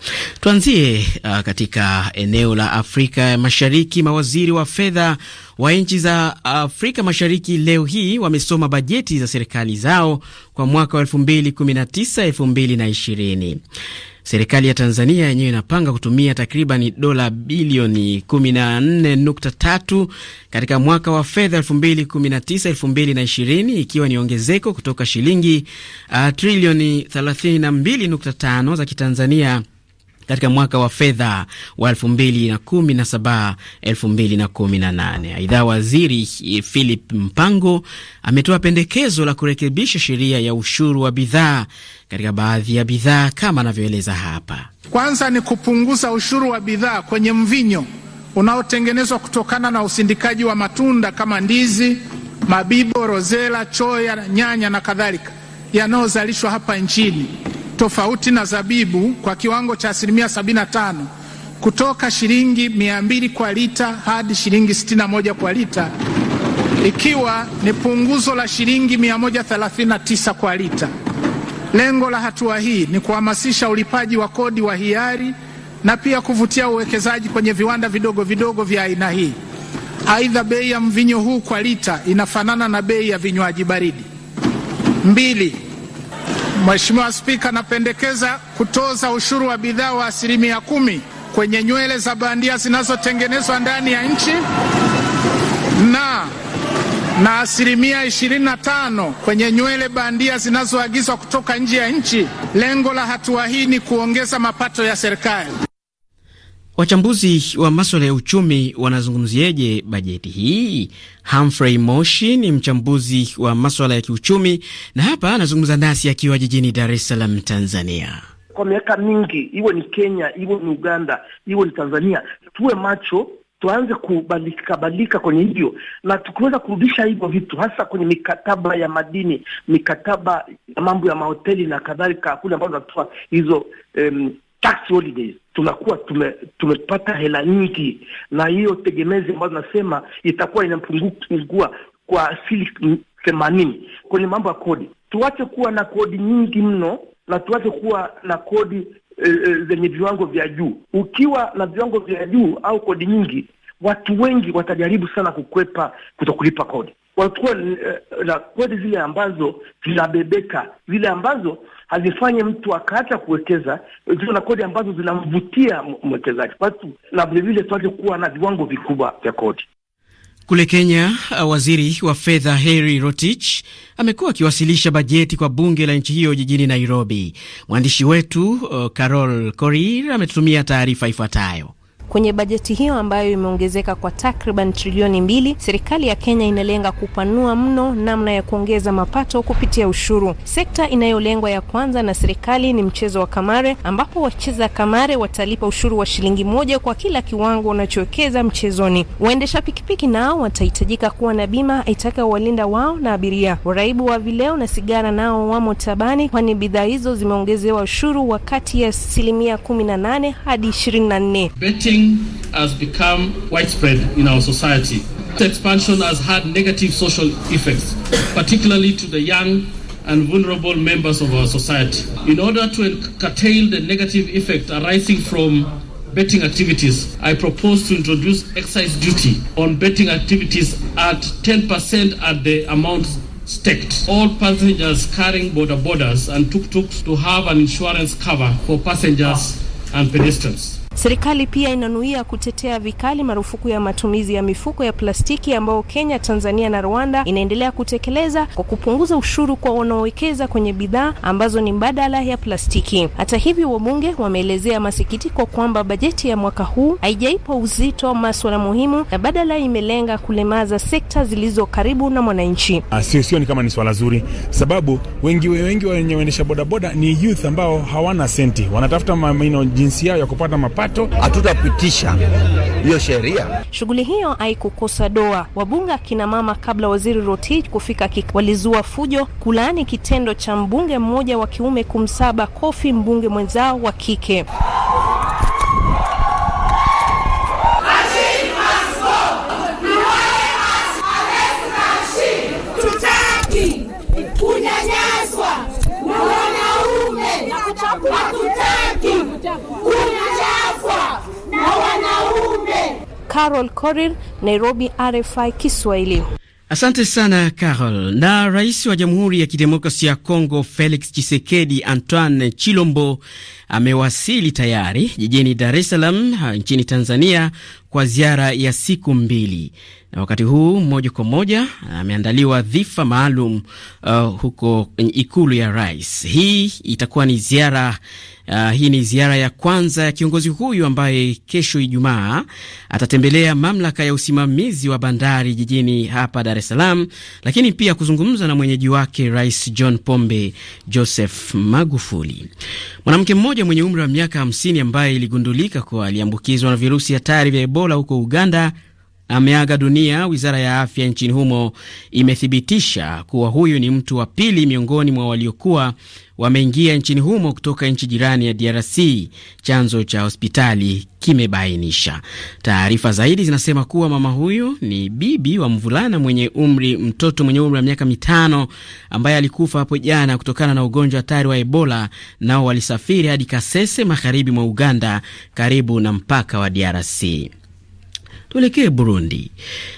Speaker 1: Tuanzie uh, katika eneo la Afrika Mashariki. Mawaziri wa fedha wa nchi za Afrika Mashariki leo hii wamesoma bajeti za serikali zao kwa mwaka wa 2019 2020 Serikali ya Tanzania yenyewe inapanga kutumia takriban dola bilioni 14.3 katika mwaka wa fedha 2019-2020 ikiwa ni ongezeko kutoka shilingi uh, trilioni 32.5 za Kitanzania katika mwaka wa fedha wa 2017 2018. Aidha, waziri Philip Mpango ametoa pendekezo la kurekebisha sheria ya ushuru wa bidhaa katika baadhi ya bidhaa kama anavyoeleza hapa.
Speaker 3: Kwanza ni kupunguza ushuru wa bidhaa kwenye mvinyo unaotengenezwa kutokana na usindikaji wa matunda kama ndizi, mabibo, rozela, choya, nyanya na kadhalika yanayozalishwa hapa nchini tofauti na zabibu kwa kiwango cha asilimia 75 kutoka shilingi 200 kwa lita hadi shilingi 61 kwa lita ikiwa ni punguzo la shilingi 139 kwa lita. Lengo la hatua hii ni kuhamasisha ulipaji wa kodi wa hiari na pia kuvutia uwekezaji kwenye viwanda vidogo vidogo vya aina hii. Aidha, bei ya mvinyo huu kwa lita inafanana na bei ya vinywaji baridi. Mbili, Mheshimiwa Spika, napendekeza kutoza ushuru wa bidhaa wa asilimia kumi kwenye nywele za bandia zinazotengenezwa ndani ya nchi na na asilimia 25 kwenye nywele bandia zinazoagizwa kutoka nje ya nchi. Lengo la hatua hii ni kuongeza mapato ya serikali.
Speaker 1: Wachambuzi wa maswala ya uchumi wanazungumzieje bajeti hii? Humphrey Moshi ni mchambuzi wa maswala ya kiuchumi na hapa anazungumza nasi akiwa jijini Dar es Salaam,
Speaker 6: Tanzania.
Speaker 4: Kwa miaka mingi, iwe ni Kenya, iwe ni Uganda, iwe ni Tanzania, tuwe macho tuanze kubadilika kwenye hivyo, na tukiweza kurudisha hivyo vitu, hasa kwenye mikataba ya madini, mikataba ya mambo ya mahoteli na kadhalika, kule ambazo tunatoa hizo um, tax holidays tunakuwa tume, tumepata hela nyingi, na hiyo tegemezi ambayo tunasema itakuwa inapungua kwa asili themanini kwenye mambo ya kodi. Tuache kuwa na kodi nyingi mno na tuache kuwa na kodi e, e, zenye viwango vya juu. Ukiwa na viwango vya juu au kodi nyingi, watu wengi watajaribu sana kukwepa kutokulipa kodi. Watakuwa eh, na kodi zile ambazo zinabebeka, zile ambazo hazifanye mtu akaacha kuwekeza, zio na kodi ambazo zinamvutia mwekezaji basi, na vilevile tuache kuwa na viwango vikubwa vya kodi.
Speaker 1: Kule Kenya, uh, waziri wa fedha hery Rotich amekuwa akiwasilisha bajeti kwa bunge la nchi hiyo jijini Nairobi. Mwandishi wetu uh, Carol Korir ametutumia taarifa ifuatayo.
Speaker 5: Kwenye bajeti hiyo ambayo imeongezeka kwa takriban trilioni mbili, serikali ya Kenya inalenga kupanua mno namna ya kuongeza mapato kupitia ushuru. Sekta inayolengwa ya kwanza na serikali ni mchezo wa kamare, ambapo wacheza kamare watalipa ushuru wa shilingi moja kwa kila kiwango wanachowekeza mchezoni. Waendesha pikipiki nao watahitajika kuwa na bima itakayowalinda wao na abiria. Waraibu wa vileo na sigara nao wamo tabani, kwani bidhaa hizo zimeongezewa ushuru wa kati ya asilimia kumi na nane hadi ishirini na nne.
Speaker 8: has become widespread in our society. This expansion has had negative social effects, particularly to the young and vulnerable members of our society. In order to curtail the negative effect arising from betting activities, I propose to introduce excise duty on betting activities at 10% at the amount staked. All passengers carrying border borders and tuk-tuks to have an insurance cover for passengers and pedestrians.
Speaker 5: Serikali pia inanuia kutetea vikali marufuku ya matumizi ya mifuko ya plastiki ambayo Kenya, Tanzania na Rwanda inaendelea kutekeleza kwa kupunguza ushuru kwa wanaowekeza kwenye bidhaa ambazo ni mbadala ya plastiki. Hata hivyo, wabunge wameelezea masikitiko kwamba bajeti ya mwaka huu haijaipa uzito maswala muhimu na badala imelenga kulemaza sekta zilizo karibu na mwananchi.
Speaker 3: Ah, ni kama ni swala zuri, sababu wengi wengi wenye waendesha bodaboda ni youth ambao hawana senti, wanatafuta jinsi yao ya kupata mapato mapato, hatutapitisha hiyo sheria.
Speaker 5: Shughuli hiyo haikukosa doa. Wabunge akina mama, kabla waziri Rotich kufika kik, walizua fujo kulaani kitendo cha mbunge mmoja wa kiume kumsaba kofi mbunge mwenzao wa kike. Carol Korir, Nairobi, RFI Kiswahili. Asante sana
Speaker 1: Carol. Na rais wa Jamhuri ya Kidemokrasia ya Kongo Felix Chisekedi Antoine Chilombo amewasili tayari jijini Dar es Salaam nchini Tanzania kwa ziara ya siku mbili na wakati huu moja kwa moja ameandaliwa dhifa maalum uh, huko ikulu ya rais. Hii itakuwa ni ziara uh, hii ni ziara ya kwanza ya kiongozi huyu ambaye kesho Ijumaa atatembelea mamlaka ya usimamizi wa bandari jijini hapa Dar es Salaam, lakini pia kuzungumza na mwenyeji wake Rais John Pombe Joseph Magufuli. Mwanamke mmoja mwenye umri wa miaka 50 ambaye iligundulika kuwa aliambukizwa na virusi hatari vya Ebola huko Uganda ameaga dunia. Wizara ya afya nchini humo imethibitisha kuwa huyu ni mtu wa pili miongoni mwa waliokuwa wameingia nchini humo kutoka nchi jirani ya DRC, chanzo cha hospitali kimebainisha. Taarifa zaidi zinasema kuwa mama huyu ni bibi wa mvulana mwenye umri mtoto mwenye umri wa miaka mitano ambaye alikufa hapo jana kutokana na ugonjwa hatari wa Ebola. Nao walisafiri hadi Kasese, magharibi mwa Uganda, karibu na mpaka wa DRC. Tuelekee Burundi.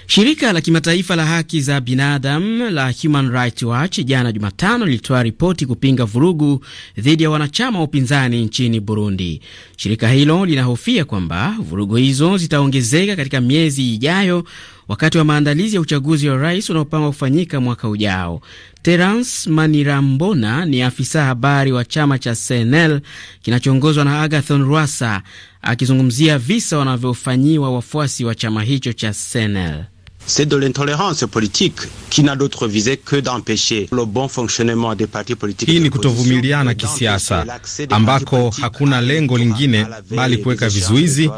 Speaker 1: Shirika la kimataifa la haki za binadamu la Human Rights Watch jana Jumatano lilitoa ripoti kupinga vurugu dhidi ya wanachama wa upinzani nchini Burundi. Shirika hilo linahofia kwamba vurugu hizo zitaongezeka katika miezi ijayo wakati wa maandalizi ya uchaguzi wa rais unaopangwa kufanyika mwaka ujao. Terence Manirambona ni afisa habari wa chama cha CNL kinachoongozwa na Agathon Rwasa akizungumzia visa wanavyofanyiwa wafuasi wa chama hicho cha CNL.
Speaker 3: C'est de l'intolérance politique qui n'a d'autre visée que d'empêcher le bon fonctionnement des partis politiques.
Speaker 1: Hii ni kutovumiliana kisiasa
Speaker 8: ambako hakuna lengo lingine bali kuweka vizuizi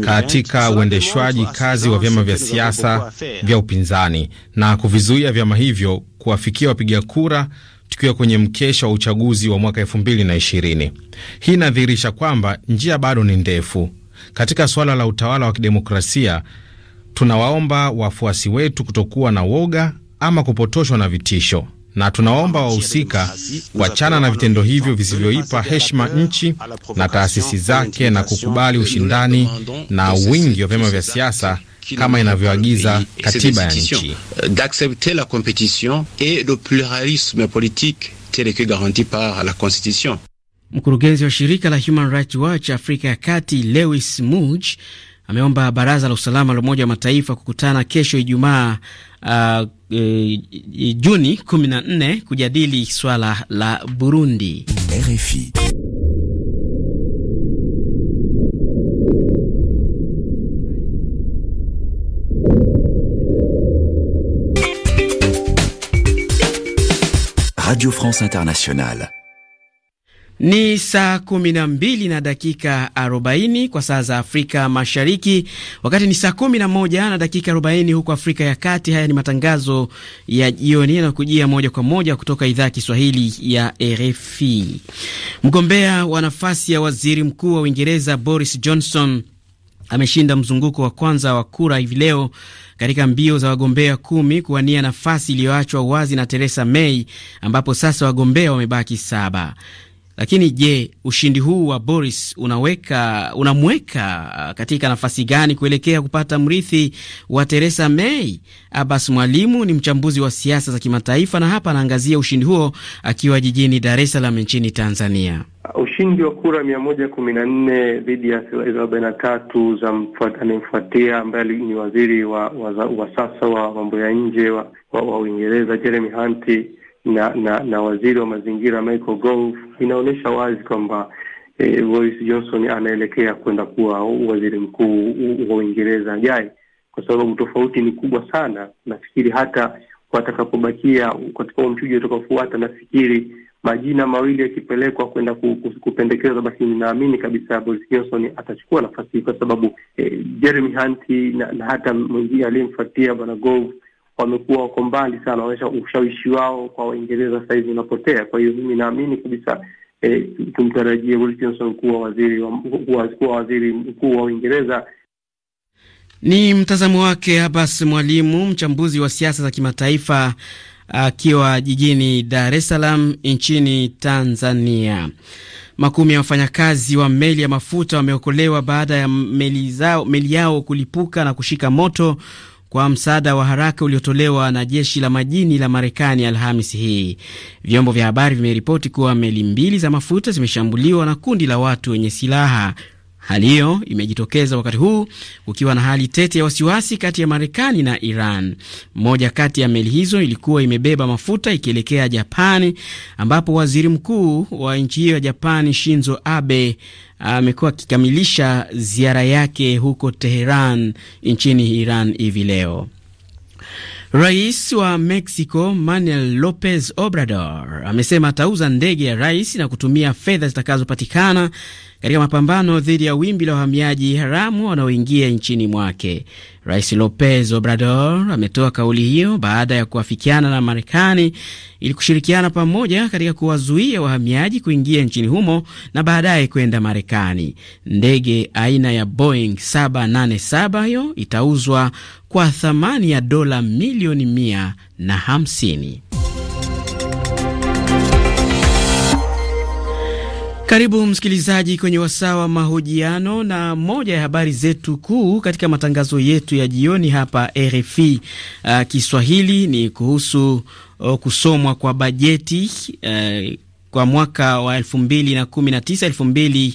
Speaker 8: katika uendeshwaji kazi wa vyama vya siasa vya upinzani na kuvizuia vyama hivyo kuwafikia wapiga kura tukiwa kwenye mkesha wa uchaguzi wa mwaka 2020. Hii inadhihirisha kwamba njia bado ni ndefu katika suala la utawala wa kidemokrasia. Tunawaomba wafuasi wetu kutokuwa na woga ama kupotoshwa na vitisho na tunaomba wahusika kuachana na vitendo hivyo visivyoipa heshima nchi na taasisi zake na kukubali ushindani na wingi wa vyama vya siasa kama inavyoagiza katiba ya nchi.
Speaker 1: Mkurugenzi wa shirika la Human Rights Watch Afrika ya Kati Lewis Mudge ameomba baraza la usalama la Umoja wa Mataifa kukutana kesho Ijumaa uh, e, Juni 14 kujadili swala la Burundi.
Speaker 6: RFI. Radio France Internationale.
Speaker 1: Ni saa kumi na mbili na dakika arobaini kwa saa za Afrika Mashariki, wakati ni saa kumi na moja na dakika arobaini huko Afrika ya Kati. Haya ni matangazo ya jioni yanayokujia moja kwa moja kutoka idhaa ya Kiswahili ya RFI. Mgombea wa nafasi ya waziri mkuu wa Uingereza Boris Johnson ameshinda mzunguko wa kwanza wa kura hivi leo katika mbio za wagombea kumi kuwania nafasi iliyoachwa wazi na Theresa May, ambapo sasa wagombea wamebaki saba. Lakini je, ushindi huu wa Boris unaweka unamweka uh, katika nafasi gani kuelekea kupata mrithi wa Theresa May? Abbas Mwalimu ni mchambuzi wa siasa za kimataifa na hapa anaangazia ushindi huo akiwa jijini Dar es Salaam nchini Tanzania.
Speaker 7: Ushindi wa kura mia moja kumi na nne dhidi ya arobaini na tatu za anayemfuatia ambaye ni waziri wa, wa, wa sasa wa mambo ya nje wa Uingereza wa, wa Jeremy Hunt na, na na waziri wa mazingira Michael Gove inaonyesha wazi kwamba eh, Boris Johnson anaelekea kwenda kuwa waziri mkuu wa Uingereza ajaye, kwa sababu tofauti ni kubwa sana. Nafikiri hata watakapobakia katika mchujo utakaofuata, nafikiri majina mawili yakipelekwa kwenda kupendekezwa, basi ninaamini kabisa Boris Johnson atachukua nafasi hii, kwa sababu eh, Jeremy Hunt na, na hata mwingine aliyemfuatia bwana Gove wamekuwa wako mbali sana, wanaonyesha ushawishi wao kwa Waingereza sasa hivi unapotea. Kwa hiyo mimi naamini kabisa eh, tumtarajie Johnson kuwa waziri kuwa waziri mkuu wa Uingereza.
Speaker 1: Ni mtazamo wake Abbas Mwalimu, mchambuzi wa siasa za kimataifa akiwa jijini Dar es Salaam nchini Tanzania. Makumi ya wafanyakazi wa meli ya mafuta wameokolewa baada ya meli zao, meli yao kulipuka na kushika moto kwa msaada wa haraka uliotolewa na jeshi la majini la Marekani alhamis hii. Vyombo vya habari vimeripoti kuwa meli mbili za mafuta zimeshambuliwa na kundi la watu wenye silaha. Hali hiyo imejitokeza wakati huu kukiwa na hali tete ya wasiwasi kati ya Marekani na Iran. Moja kati ya meli hizo ilikuwa imebeba mafuta ikielekea Japani, ambapo waziri mkuu wa nchi hiyo ya Japani Shinzo Abe amekuwa akikamilisha ziara yake huko Teheran nchini Iran hivi leo. Rais wa Mexico Manuel Lopez Obrador amesema atauza ndege ya rais na kutumia fedha zitakazopatikana katika mapambano dhidi ya wimbi la wahamiaji haramu wanaoingia nchini mwake. Rais Lopez Obrador ametoa kauli hiyo baada ya kuafikiana na Marekani ili kushirikiana pamoja katika kuwazuia wahamiaji kuingia nchini humo na baadaye kwenda Marekani. Ndege aina ya Boeing 787 hiyo itauzwa kwa thamani ya dola milioni mia na hamsini. Karibu msikilizaji kwenye wasaa wa mahojiano, na moja ya habari zetu kuu katika matangazo yetu ya jioni hapa RFI uh, Kiswahili ni kuhusu uh, kusomwa kwa bajeti uh, kwa mwaka wa elfu mbili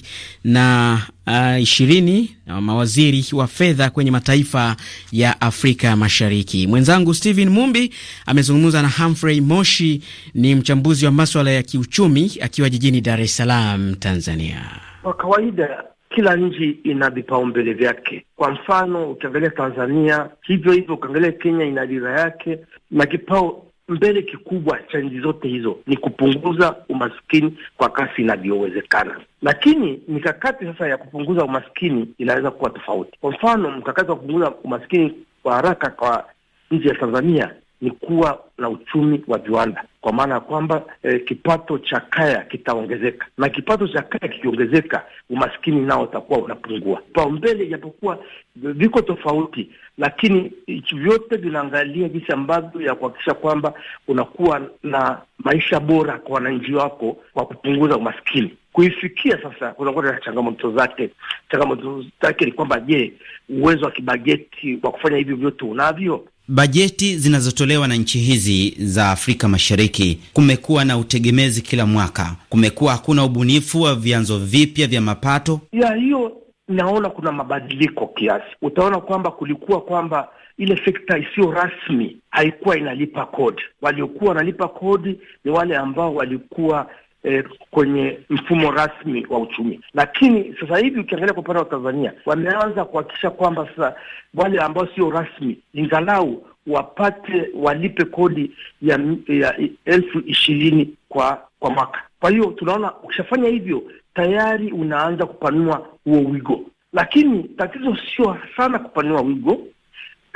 Speaker 1: na mawaziri wa fedha kwenye mataifa ya Afrika Mashariki. Mwenzangu stehen Mumbi amezungumza na Humphrey Moshi, ni mchambuzi wa maswala ya kiuchumi akiwa jijini Dar es Salaam, Tanzania.
Speaker 4: Kwa kawaida kila nchi ina vipaumbele vyake. Kwa mfano, ukiangalia Tanzania hivyo hivyo, ukiangalia Kenya ina dira yake na kipao mbele kikubwa cha nchi zote hizo ni kupunguza umaskini kwa kasi inavyowezekana, lakini mikakati sasa ya kupunguza umaskini inaweza kuwa tofauti. Kwa mfano, mkakati wa kupunguza umaskini kwa haraka kwa nchi ya Tanzania ni kuwa na uchumi wa viwanda, kwa maana ya kwamba eh, kipato cha kaya kitaongezeka, na kipato cha kaya kikiongezeka, umaskini nao utakuwa unapungua. Paumbele ijapokuwa viko tofauti, lakini vyote vinaangalia jinsi ambavyo ya kuhakikisha kwamba unakuwa na maisha bora kwa wananchi wako kwa kupunguza umaskini. Kuifikia sasa kunakuwa na changamoto zake. Changamoto zake ni kwamba, je, uwezo wa kibajeti wa kufanya hivyo vyote unavyo?
Speaker 11: bajeti zinazotolewa na nchi hizi za Afrika Mashariki, kumekuwa na utegemezi kila mwaka, kumekuwa hakuna ubunifu wa vyanzo vipya vya mapato
Speaker 4: ya hiyo. Naona kuna mabadiliko kiasi, utaona kwamba kulikuwa kwamba ile sekta isiyo rasmi haikuwa inalipa kodi. Waliokuwa wanalipa kodi ni wale ambao walikuwa eh, kwenye mfumo rasmi wa uchumi. Lakini sasa hivi ukiangalia kwa upande wa Tanzania, wameanza kuhakikisha kwamba sasa wale ambao sio rasmi ingalau wapate walipe kodi ya, ya elfu ishirini kwa kwa mwaka. Kwa hiyo tunaona ukishafanya hivyo tayari unaanza kupanua huo wigo, lakini tatizo sio sana kupanua wigo.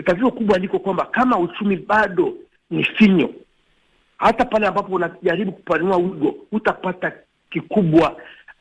Speaker 4: Tatizo kubwa liko kwamba kama uchumi bado ni finyo hata pale ambapo unajaribu kupanua wigo utapata kikubwa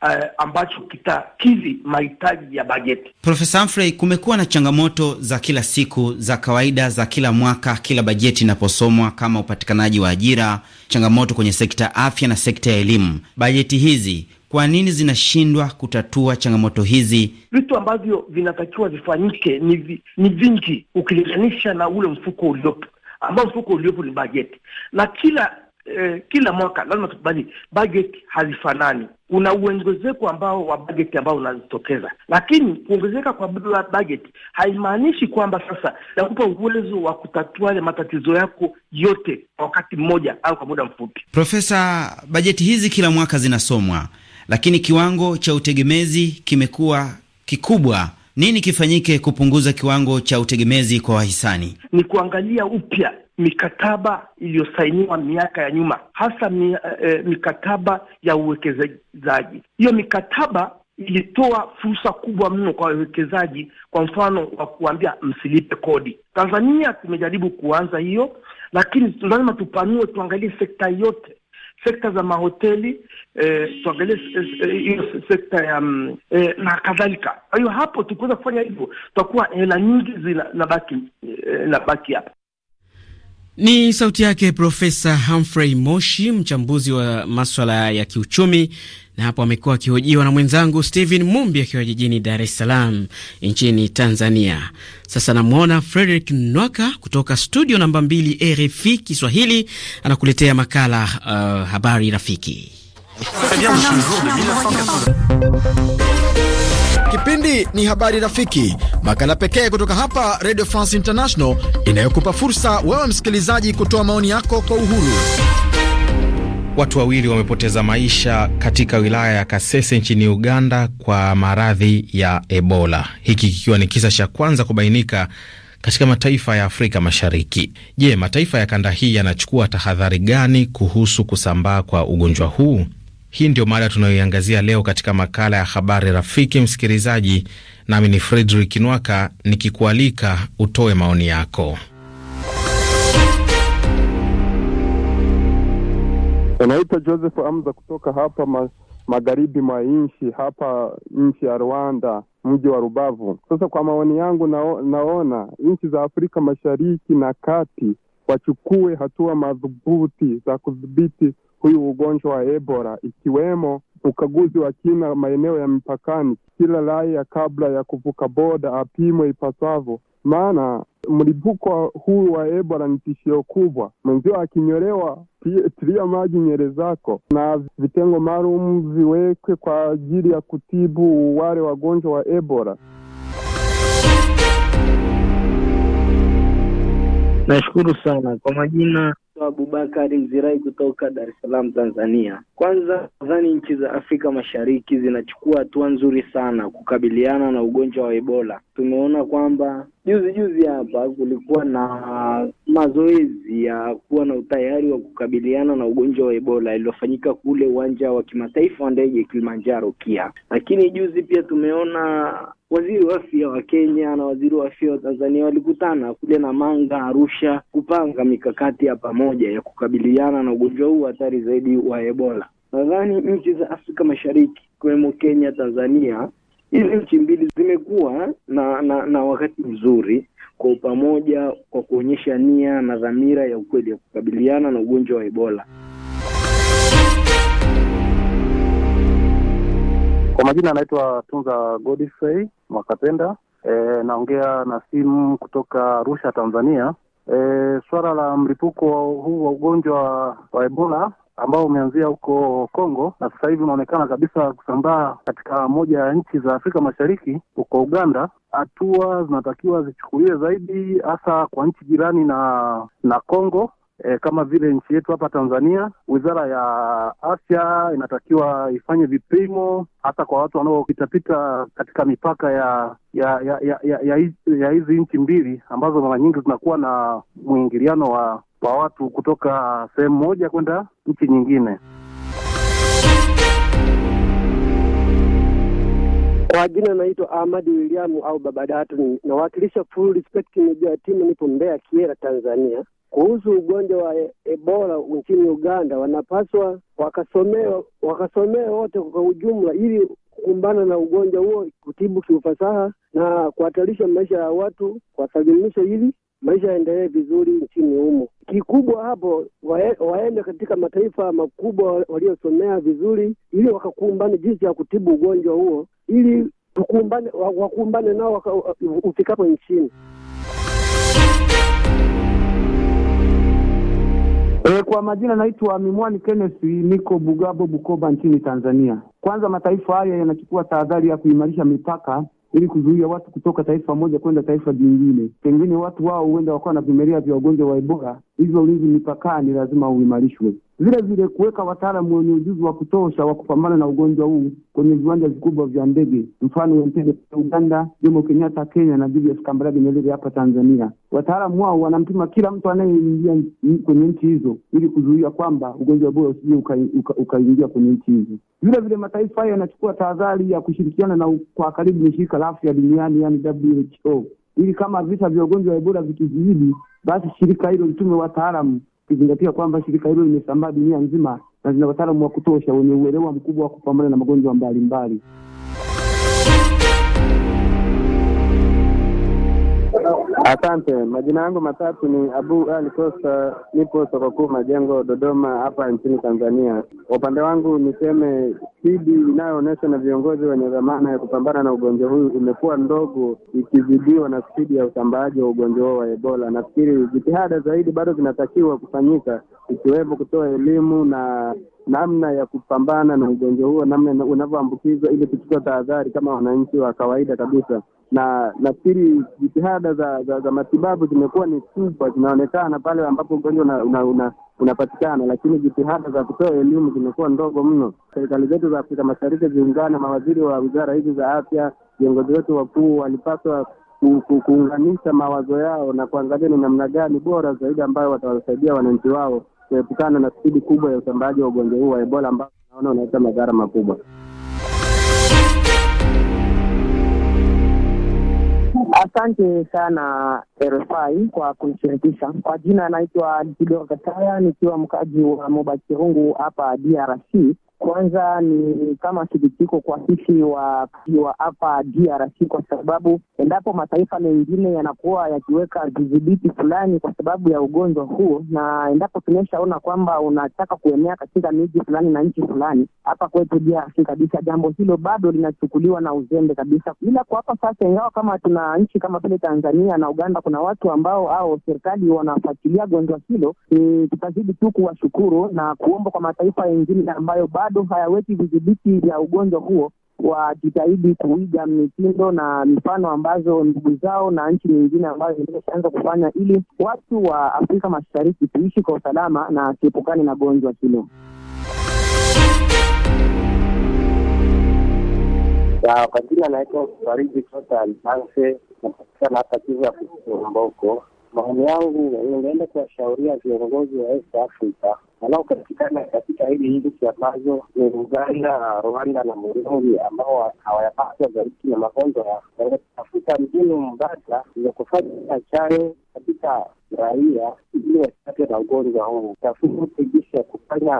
Speaker 4: uh, ambacho kitakidhi mahitaji ya bajeti.
Speaker 11: Profesa Amfrey, kumekuwa na changamoto za kila siku za kawaida za kila mwaka kila bajeti inaposomwa, kama upatikanaji wa ajira, changamoto kwenye sekta ya afya na sekta ya elimu. Bajeti hizi kwa nini zinashindwa kutatua changamoto hizi?
Speaker 4: Vitu ambavyo vinatakiwa vifanyike ni, vi, ni vingi ukilinganisha na ule mfuko uliopo ambao mfuko uliopo ni bajeti, na kila eh, kila mwaka lazima tukubali bajeti hazifanani. Kuna uongezeko ambao wa bajeti ambao unajitokeza, lakini kuongezeka kwa bajeti haimaanishi kwamba sasa nakupa uwezo wa kutatua matatizo yako yote kwa wakati mmoja au kwa muda mfupi.
Speaker 11: Profesa, bajeti hizi kila mwaka zinasomwa, lakini kiwango cha utegemezi kimekuwa kikubwa nini kifanyike kupunguza kiwango cha utegemezi kwa wahisani?
Speaker 4: Ni kuangalia upya mikataba iliyosainiwa miaka ya nyuma, hasa mi, eh, eh, mikataba ya uwekezaji. Hiyo mikataba ilitoa fursa kubwa mno kwa wawekezaji, kwa mfano wa kuambia msilipe kodi. Tanzania tumejaribu kuanza hiyo, lakini lazima tupanue, tuangalie sekta yote, sekta za mahoteli, Eh, tuangalie eh, hiyo sekta ya mm, eh, na kadhalika. Kwa hiyo hapo tukiweza kufanya hivyo, tutakuwa hela nyingi zinabaki nabaki hapa.
Speaker 1: Ni sauti yake Profesa Humphrey Moshi, mchambuzi wa maswala ya kiuchumi, na hapo amekuwa akihojiwa na mwenzangu Stephen Mumbi akiwa jijini Dar es Salaam nchini Tanzania. Sasa namwona Frederick Nwaka kutoka studio namba mbili RFI Kiswahili anakuletea makala uh, habari rafiki.
Speaker 12: Très bien, jour de 1980.
Speaker 10: Kipindi ni Habari Rafiki, makala pekee kutoka hapa Radio France International inayokupa fursa wewe msikilizaji kutoa maoni yako kwa uhuru.
Speaker 8: Watu wawili wamepoteza maisha katika wilaya ya Kasese nchini Uganda kwa maradhi ya Ebola, hiki kikiwa ni kisa cha kwanza kubainika katika mataifa ya Afrika Mashariki. Je, mataifa ya kanda hii yanachukua tahadhari gani kuhusu kusambaa kwa ugonjwa huu? Hii ndio mada tunayoiangazia leo katika makala ya habari rafiki, msikilizaji, nami ni Fredrik Nwaka nikikualika utoe maoni yako.
Speaker 7: Anaitwa Joseph Amza kutoka hapa ma magharibi mwa nchi hapa nchi ya Rwanda, mji wa Rubavu. Sasa kwa maoni yangu nao, naona nchi za Afrika Mashariki na Kati wachukue hatua madhubuti za kudhibiti huyu ugonjwa wa Ebola, ikiwemo ukaguzi wa kina maeneo ya mipakani, kila raia kabla ya kuvuka boda apimwe ipasavyo, maana mlipuko huu wa Ebola ni tishio kubwa. Mwenzio akinyolewa, tilia maji nywele zako, na vitengo maalum viwekwe kwa ajili ya kutibu wale wagonjwa wa Ebola.
Speaker 12: Nashukuru sana kwa majina.
Speaker 4: Abubakari Mzirai kutoka Dar es Salaam, Tanzania. Kwanza nadhani nchi za Afrika Mashariki zinachukua hatua nzuri sana kukabiliana na ugonjwa wa Ebola. Tumeona kwamba Juzi juzi hapa kulikuwa na mazoezi ya kuwa na utayari wa kukabiliana na ugonjwa wa Ebola iliyofanyika kule uwanja wa kimataifa wa ndege Kilimanjaro KIA. Lakini juzi pia tumeona waziri wa afya wa Kenya na waziri wa afya wa Tanzania walikutana kule na Manga, Arusha, kupanga mikakati ya pamoja ya kukabiliana na ugonjwa huu hatari zaidi wa Ebola. Nadhani nchi za Afrika Mashariki ikiwemo Kenya, Tanzania Hizi nchi mbili zimekuwa na, na na wakati mzuri kwa pamoja kwa kuonyesha nia na dhamira ya ukweli ya kukabiliana na ugonjwa wa
Speaker 7: Ebola. Kwa majina anaitwa Tunza Godfrey Mwakapenda. E, naongea na simu kutoka Arusha, Tanzania. E, swala la mlipuko huu wa ugonjwa wa Ebola ambao umeanzia huko Kongo na sasa hivi unaonekana kabisa kusambaa katika moja ya nchi za Afrika Mashariki huko Uganda. Hatua zinatakiwa zichukuliwe zaidi, hasa kwa nchi jirani na na Kongo. E, kama vile nchi yetu hapa
Speaker 12: Tanzania,
Speaker 7: wizara ya afya inatakiwa ifanye vipimo hata kwa watu wanaopitapita katika mipaka ya ya ya ya, ya, ya, ya hizi nchi mbili ambazo mara nyingi zinakuwa na mwingiliano wa wa watu kutoka sehemu moja kwenda nchi nyingine.
Speaker 4: Kwa jina naitwa Ahmadi Williamu au Baba Datu, nawakilisha Full Respect Media ya timu, nipo Mbeya Kiera, Tanzania. Kuhusu ugonjwa wa e Ebola nchini Uganda, wanapaswa wakasomewa wakasomee wote kwa ujumla, ili kukumbana na ugonjwa huo, kutibu kiufasaha na kuhatarisha maisha ya watu kwa salimisho, ili maisha yaendelee vizuri nchini humo. Kikubwa hapo wae, waende katika mataifa makubwa waliosomea vizuri, ili wakakumbane jinsi ya kutibu ugonjwa huo, ili tukumbane, wakumbane nao ufikapo nchini. E, kwa majina naitwa Mimwani Kenneth, niko Bugabo, Bukoba nchini Tanzania. Kwanza mataifa haya yanachukua tahadhari ya kuimarisha mipaka ili kuzuia watu kutoka taifa moja kwenda taifa jingine. Pengine watu wao huenda wakawa na vimelea vya ugonjwa wa Ebola, hivyo ulinzi mipakani lazima uimarishwe vile vile kuweka wataalamu wenye ujuzi wa kutosha wa kupambana na ugonjwa huu kwenye viwanja vikubwa vya ndege, mfano Entebbe Uganda, Jomo Kenyatta Kenya na Julius Kambarage Nyerere hapa Tanzania. Wataalamu wao wanampima kila mtu anayeingia kwenye nchi hizo, ili kuzuia kwamba ugonjwa bora usije ukaingia kwenye nchi hizo. Vile vile mataifa hayo yanachukua tahadhari ya kushirikiana na kwa karibu na shirika la afya duniani, yani WHO, ili kama visa vya ugonjwa wa Ebola vikizidi, basi shirika hilo litume wataalamu ukizingatia kwamba shirika hilo limesambaa dunia nzima na zina wataalamu wa kutosha wenye uelewa mkubwa wa kupambana na magonjwa mbalimbali. Asante, majina yangu matatu ni Abu Ali kosta nipo soko kuu Majengo, Dodoma hapa nchini Tanzania. Kwa upande wangu niseme spidi inayoonyeshwa na viongozi wenye dhamana ya kupambana na ugonjwa huu imekuwa ndogo ikizidiwa na spidi ya usambaaji wa ugonjwa huo wa Ebola. Nafikiri jitihada zaidi bado zinatakiwa kufanyika, ikiwemo kutoa elimu na namna ya kupambana na ugonjwa huo, namna unavyoambukizwa, ili kuchukua tahadhari kama wananchi wa kawaida kabisa. Na nafikiri jitihada za, za, za matibabu zimekuwa ni kubwa, zinaonekana pale ambapo ugonjwa unapatikana una, una, lakini jitihada za kutoa elimu zimekuwa ndogo mno. Serikali zetu za Afrika Mashariki ziungane, mawaziri wa wizara hizi za afya, viongozi wetu wakuu walipaswa kuunganisha mawazo yao na kuangalia ni namna gani bora zaidi ambayo watawasaidia wananchi wao kuepukana na spidi kubwa ya usambaji wa ugonjwa huu wa Ebola ambao naona unaleta madhara makubwa. Asante sana RFI kwa kunishirikisha. Kwa jina anaitwa Didoga Kataya, nikiwa mkaji wa Mobakirungu hapa DRC. Kwanza ni kama kivitiko kwa sisi wa hapa DRC, kwa sababu endapo mataifa mengine yanakuwa yakiweka vidhibiti fulani kwa sababu ya ugonjwa huo, na endapo tumeshaona kwamba unataka kuenea katika miji fulani na nchi fulani, hapa kwetu DRC kabisa jambo hilo bado linachukuliwa na uzembe kabisa. Ila kwa hapa sasa, ingawa kama tuna nchi kama vile Tanzania na Uganda, kuna watu ambao au serikali wanafuatilia gonjwa hilo, eh, tutazidi tu kuwashukuru na kuomba kwa mataifa mengine ambayo bado bado hayaweki vidhibiti vya ugonjwa huo, wajitahidi kuiga mitindo na mifano ambazo ndugu zao na nchi nyingine ambazo zimeshaanza kufanya, ili watu wa Afrika Mashariki tuishi kwa usalama na tuepukane na gonjwa hilo.
Speaker 7: Kwa jina anaitwa Fariji Kota napatikana hapa Kivu ya Kusini,
Speaker 5: Mboko.
Speaker 4: Maoni yangu ningeenda kuwashauria viongozi wa East Africa katikana katika hili nchi ambazo ni Uganda, Rwanda na Burundi, ambao hawayapatwa zaidi na magonjwa, wanatafuta mbinu mbadala za kufanya chanjo katika raia ili wasipate na ugonjwa huu. Tafute jinsi ya kufanya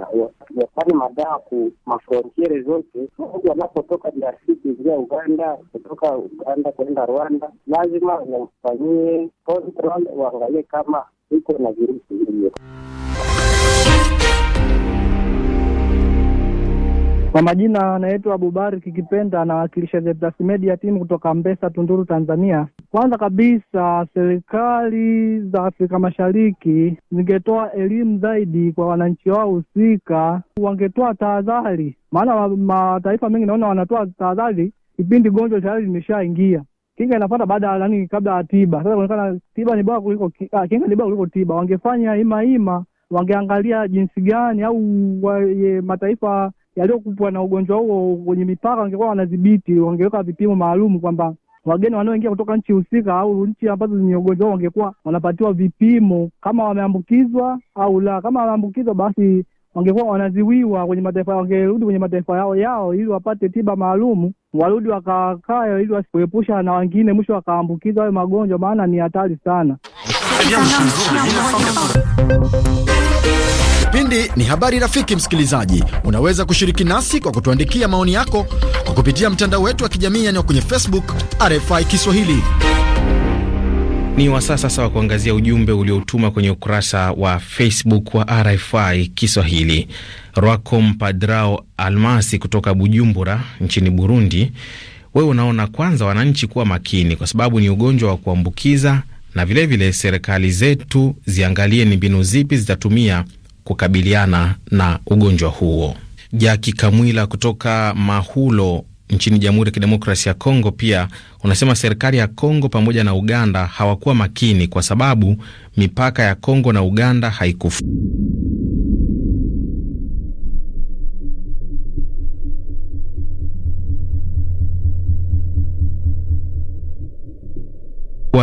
Speaker 4: wafanye madawa ku mafrontiere zote, watu wanapotoka DRC kuingia Uganda, kutoka Uganda kwenda Rwanda, lazima wafanyie control, waangalie kama iko na virusi hivyo.
Speaker 12: Kwa majina anaitwa Abubari kikipenda anawakilisha The Plus Media Team kutoka Mbesa, Tunduru, Tanzania. Kwanza kabisa, serikali za Afrika Mashariki zingetoa elimu zaidi kwa wananchi wao husika, wangetoa tahadhari, maana mataifa mengi naona wanatoa tahadhari kipindi gonjwa tayari limeshaingia. Kinga inapata baada ya nani, kabla ya tiba. Sasa kuonekana tiba ni bora kuliko ah, kinga ni bora kuliko tiba. Wangefanya imaima wangeangalia jinsi gani au wa, ye, mataifa yaliyokupwa na ugonjwa huo kwenye mipaka wangekuwa wanadhibiti, wangeweka vipimo maalum kwamba wageni wanaoingia kutoka nchi husika au nchi ambazo zenye ugonjwa huo wangekuwa wanapatiwa vipimo kama wameambukizwa au la. Kama wameambukizwa basi wangekuwa wanaziwiwa kwenye mataifa, wangerudi kwenye mataifa yao yao ili wapate tiba maalumu, warudi wakakayo ili wasikuepusha na wengine, mwisho wakaambukizwa hayo magonjwa, maana ni hatari sana. Kipindi
Speaker 10: ni habari rafiki. Msikilizaji, unaweza kushiriki nasi kwa kutuandikia maoni yako kwa kupitia mtandao wetu wa kijamii yaani kwenye Facebook RFI Kiswahili.
Speaker 8: Ni wasaa sasa wa kuangazia ujumbe ulioutuma kwenye ukurasa wa Facebook wa RFI Kiswahili. Rwakom Padrao Almasi kutoka Bujumbura nchini Burundi, wewe unaona kwanza wananchi kuwa makini, kwa sababu ni ugonjwa wa kuambukiza, na vilevile serikali zetu ziangalie ni mbinu zipi zitatumia kukabiliana na ugonjwa huo. Jaki Kamwila kutoka Mahulo nchini Jamhuri ya Kidemokrasia ya Kongo pia unasema serikali ya Kongo pamoja na Uganda hawakuwa makini kwa sababu mipaka ya Kongo na Uganda haikufu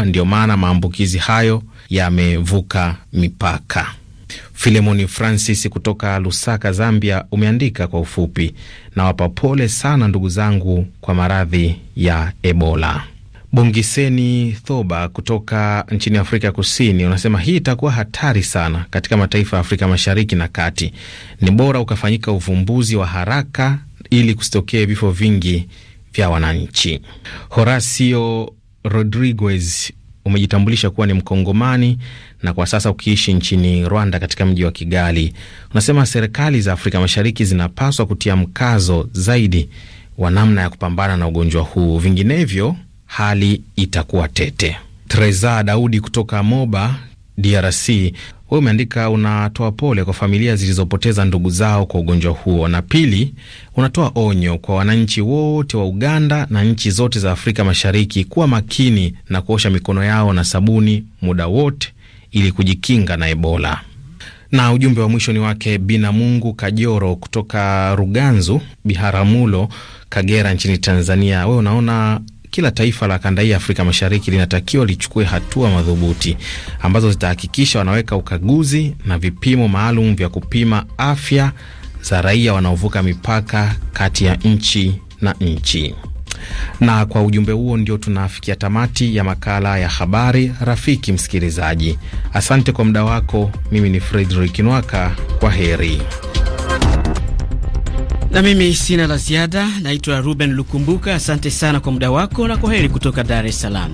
Speaker 8: ndio maana maambukizi hayo yamevuka mipaka. Filemoni Francis kutoka Lusaka, Zambia, umeandika kwa ufupi, nawapa pole sana ndugu zangu kwa maradhi ya Ebola. Bongiseni Thoba kutoka nchini Afrika Kusini unasema hii itakuwa hatari sana katika mataifa ya Afrika Mashariki na Kati. Ni bora ukafanyika uvumbuzi wa haraka ili kusitokee vifo vingi vya wananchi. Horacio Rodriguez umejitambulisha kuwa ni Mkongomani na kwa sasa ukiishi nchini Rwanda katika mji wa Kigali. Unasema serikali za Afrika Mashariki zinapaswa kutia mkazo zaidi wa namna ya kupambana na ugonjwa huu, vinginevyo hali itakuwa tete. Treza Daudi kutoka Moba, DRC wewe umeandika unatoa pole kwa familia zilizopoteza ndugu zao kwa ugonjwa huo, na pili unatoa onyo kwa wananchi wote wa Uganda na nchi zote za Afrika Mashariki kuwa makini na kuosha mikono yao na sabuni muda wote ili kujikinga na Ebola. Na ujumbe wa mwisho ni wake Binamungu Kajoro kutoka Ruganzu, Biharamulo, Kagera nchini Tanzania. Wewe unaona kila taifa la kanda hii ya Afrika Mashariki linatakiwa lichukue hatua madhubuti ambazo zitahakikisha wanaweka ukaguzi na vipimo maalum vya kupima afya za raia wanaovuka mipaka kati ya nchi na nchi. Na kwa ujumbe huo ndio tunafikia tamati ya makala ya habari rafiki. Msikilizaji, asante kwa muda wako. Mimi ni fredrik Nwaka, kwa heri.
Speaker 1: Na mimi sina la ziada. Naitwa Ruben Lukumbuka, asante sana kwa muda wako na kwa heri kutoka Dar es Salaam.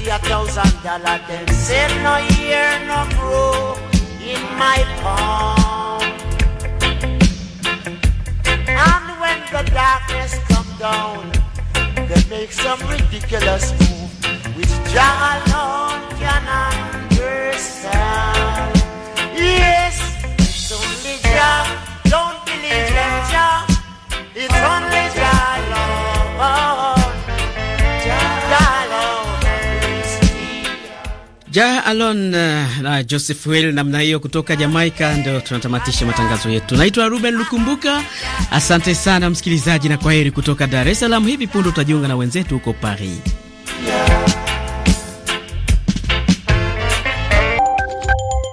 Speaker 6: see a thousand dollar Them say no year, no grow in my palm And when the darkness come down They make some ridiculous move Which Jah alone can understand Yes, it's only Jah Don't believe in Jah It's only
Speaker 1: Ja Alon eh, na Joseph Well namna hiyo kutoka Jamaika. Ndio tunatamatisha matangazo yetu. Naitwa Ruben Lukumbuka, asante sana msikilizaji, na kwa heri kutoka Dar es Salaam. Hivi punde tutajiunga na wenzetu huko Paris.